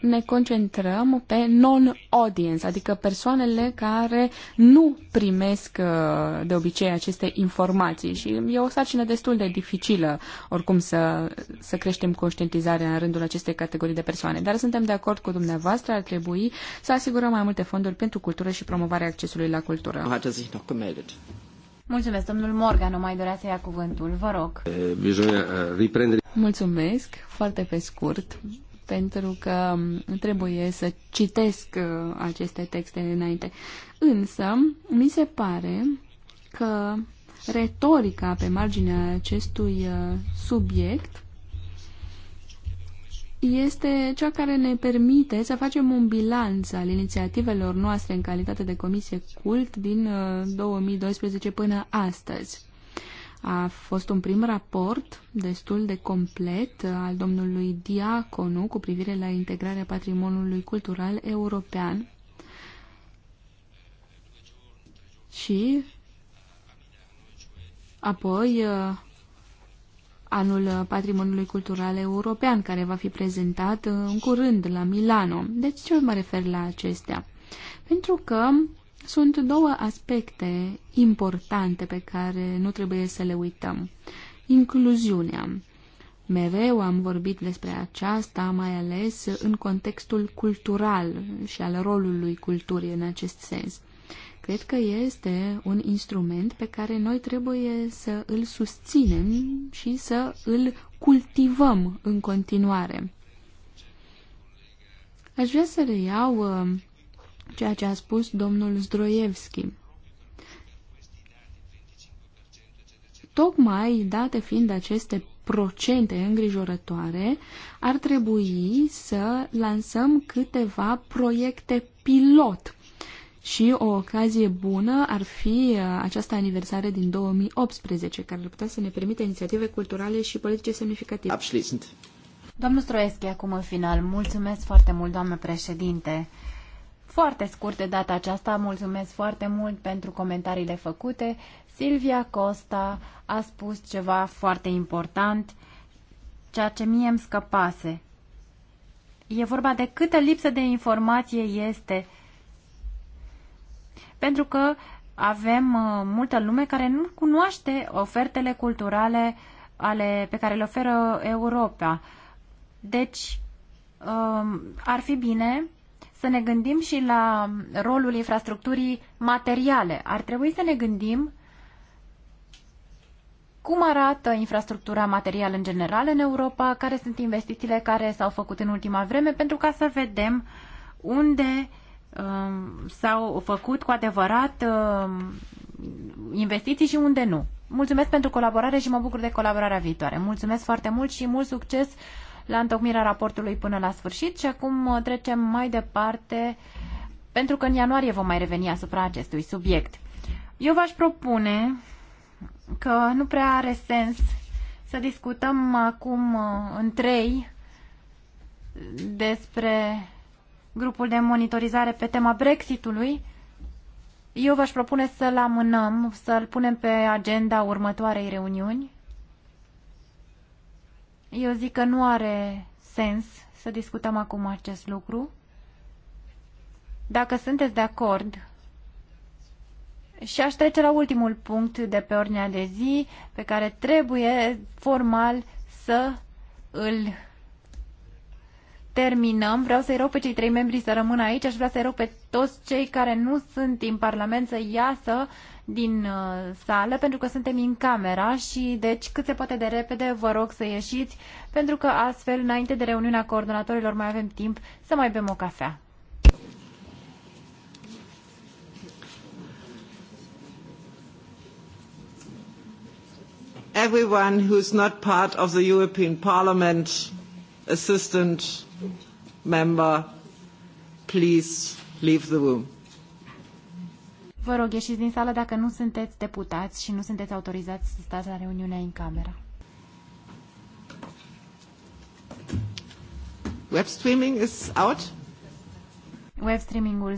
ne concentrăm pe non-audience, adică persoanele care nu primesc uh, de obicei aceste informații și e o sarcină destul de dificilă oricum să, să creștem conștientizarea în rândul acestei categorii de persoane. Dar suntem de acord cu dumneavoastră, ar trebui să asigurăm mai multe fonduri pentru cultură și promovarea accesului la cultură. Mulțumesc, domnul Morgan, nu mai dorea să ia cuvântul, vă rog. Mulțumesc, foarte pe scurt, pentru că trebuie să citesc aceste texte înainte. Însă, mi se pare că retorica pe marginea acestui subiect este cea care ne permite să facem un bilanț al inițiativelor noastre în calitate de Comisie Cult din 2012 uh, până astăzi. A fost un prim raport destul de complet uh, al domnului Diaconu cu privire la integrarea patrimoniului cultural european și apoi uh, anul patrimoniului cultural european, care va fi prezentat uh, în curând la Milano. De deci, ce mă refer la acestea? Pentru că sunt două aspecte importante pe care nu trebuie să le uităm. Incluziunea. Mereu am vorbit despre aceasta, mai ales în contextul cultural și al rolului culturii în acest sens. Cred că este un instrument pe care noi trebuie să îl susținem și să îl cultivăm în continuare. Aș vrea să reiau uh, ceea ce a spus domnul Zdroievski. Tocmai date fiind aceste procente îngrijorătoare, ar trebui să lansăm câteva proiecte pilot și o ocazie bună ar fi uh, această aniversare din 2018, care ar putea să ne permită inițiative culturale și politice semnificative. Abschließend. Domnul Stroieschi, acum în final, mulțumesc foarte mult, doamnă președinte. Foarte scurt de data aceasta, mulțumesc foarte mult pentru comentariile făcute. Silvia Costa a spus ceva foarte important, ceea ce mie îmi scăpase. E vorba de câtă lipsă de informație este pentru că avem uh, multă lume care nu cunoaște ofertele culturale ale, pe care le oferă Europa. Deci, um, ar fi bine să ne gândim și la rolul infrastructurii materiale. Ar trebui să ne gândim cum arată infrastructura materială în general în Europa, care sunt investițiile care s-au făcut în ultima vreme, pentru ca să vedem unde uh, Um, s-au făcut cu adevărat um, investiții și unde nu. Mulțumesc pentru colaborare și mă bucur de colaborarea viitoare. Mulțumesc foarte mult și mult succes la întocmirea raportului până la sfârșit și acum uh, trecem mai departe pentru că în ianuarie vom mai reveni asupra acestui subiect. Eu v-aș propune că nu prea are sens să discutăm acum uh, în trei despre grupul de monitorizare pe tema Brexitului, eu v-aș propune să-l amânăm, să-l punem pe agenda următoarei reuniuni. Eu zic că nu are sens să discutăm acum acest lucru. Dacă sunteți de acord, și aș trece la ultimul punct de pe ordinea de zi, pe care trebuie formal să îl terminăm. Vreau să-i rog pe cei trei membri să rămână aici. Aș vrea să-i rog pe toți cei care nu sunt în Parlament să iasă din uh, sală, pentru că suntem în camera și deci cât se poate de repede vă rog să ieșiți, pentru că astfel, înainte de reuniunea coordonatorilor, mai avem timp să mai bem o cafea. Everyone who is not part of the European Parliament assistant member, please leave the room. Vă rog, ieșiți din sală dacă nu sunteți deputați și nu sunteți autorizați să stați la reuniunea în cameră. Web streaming is out. Web streamingul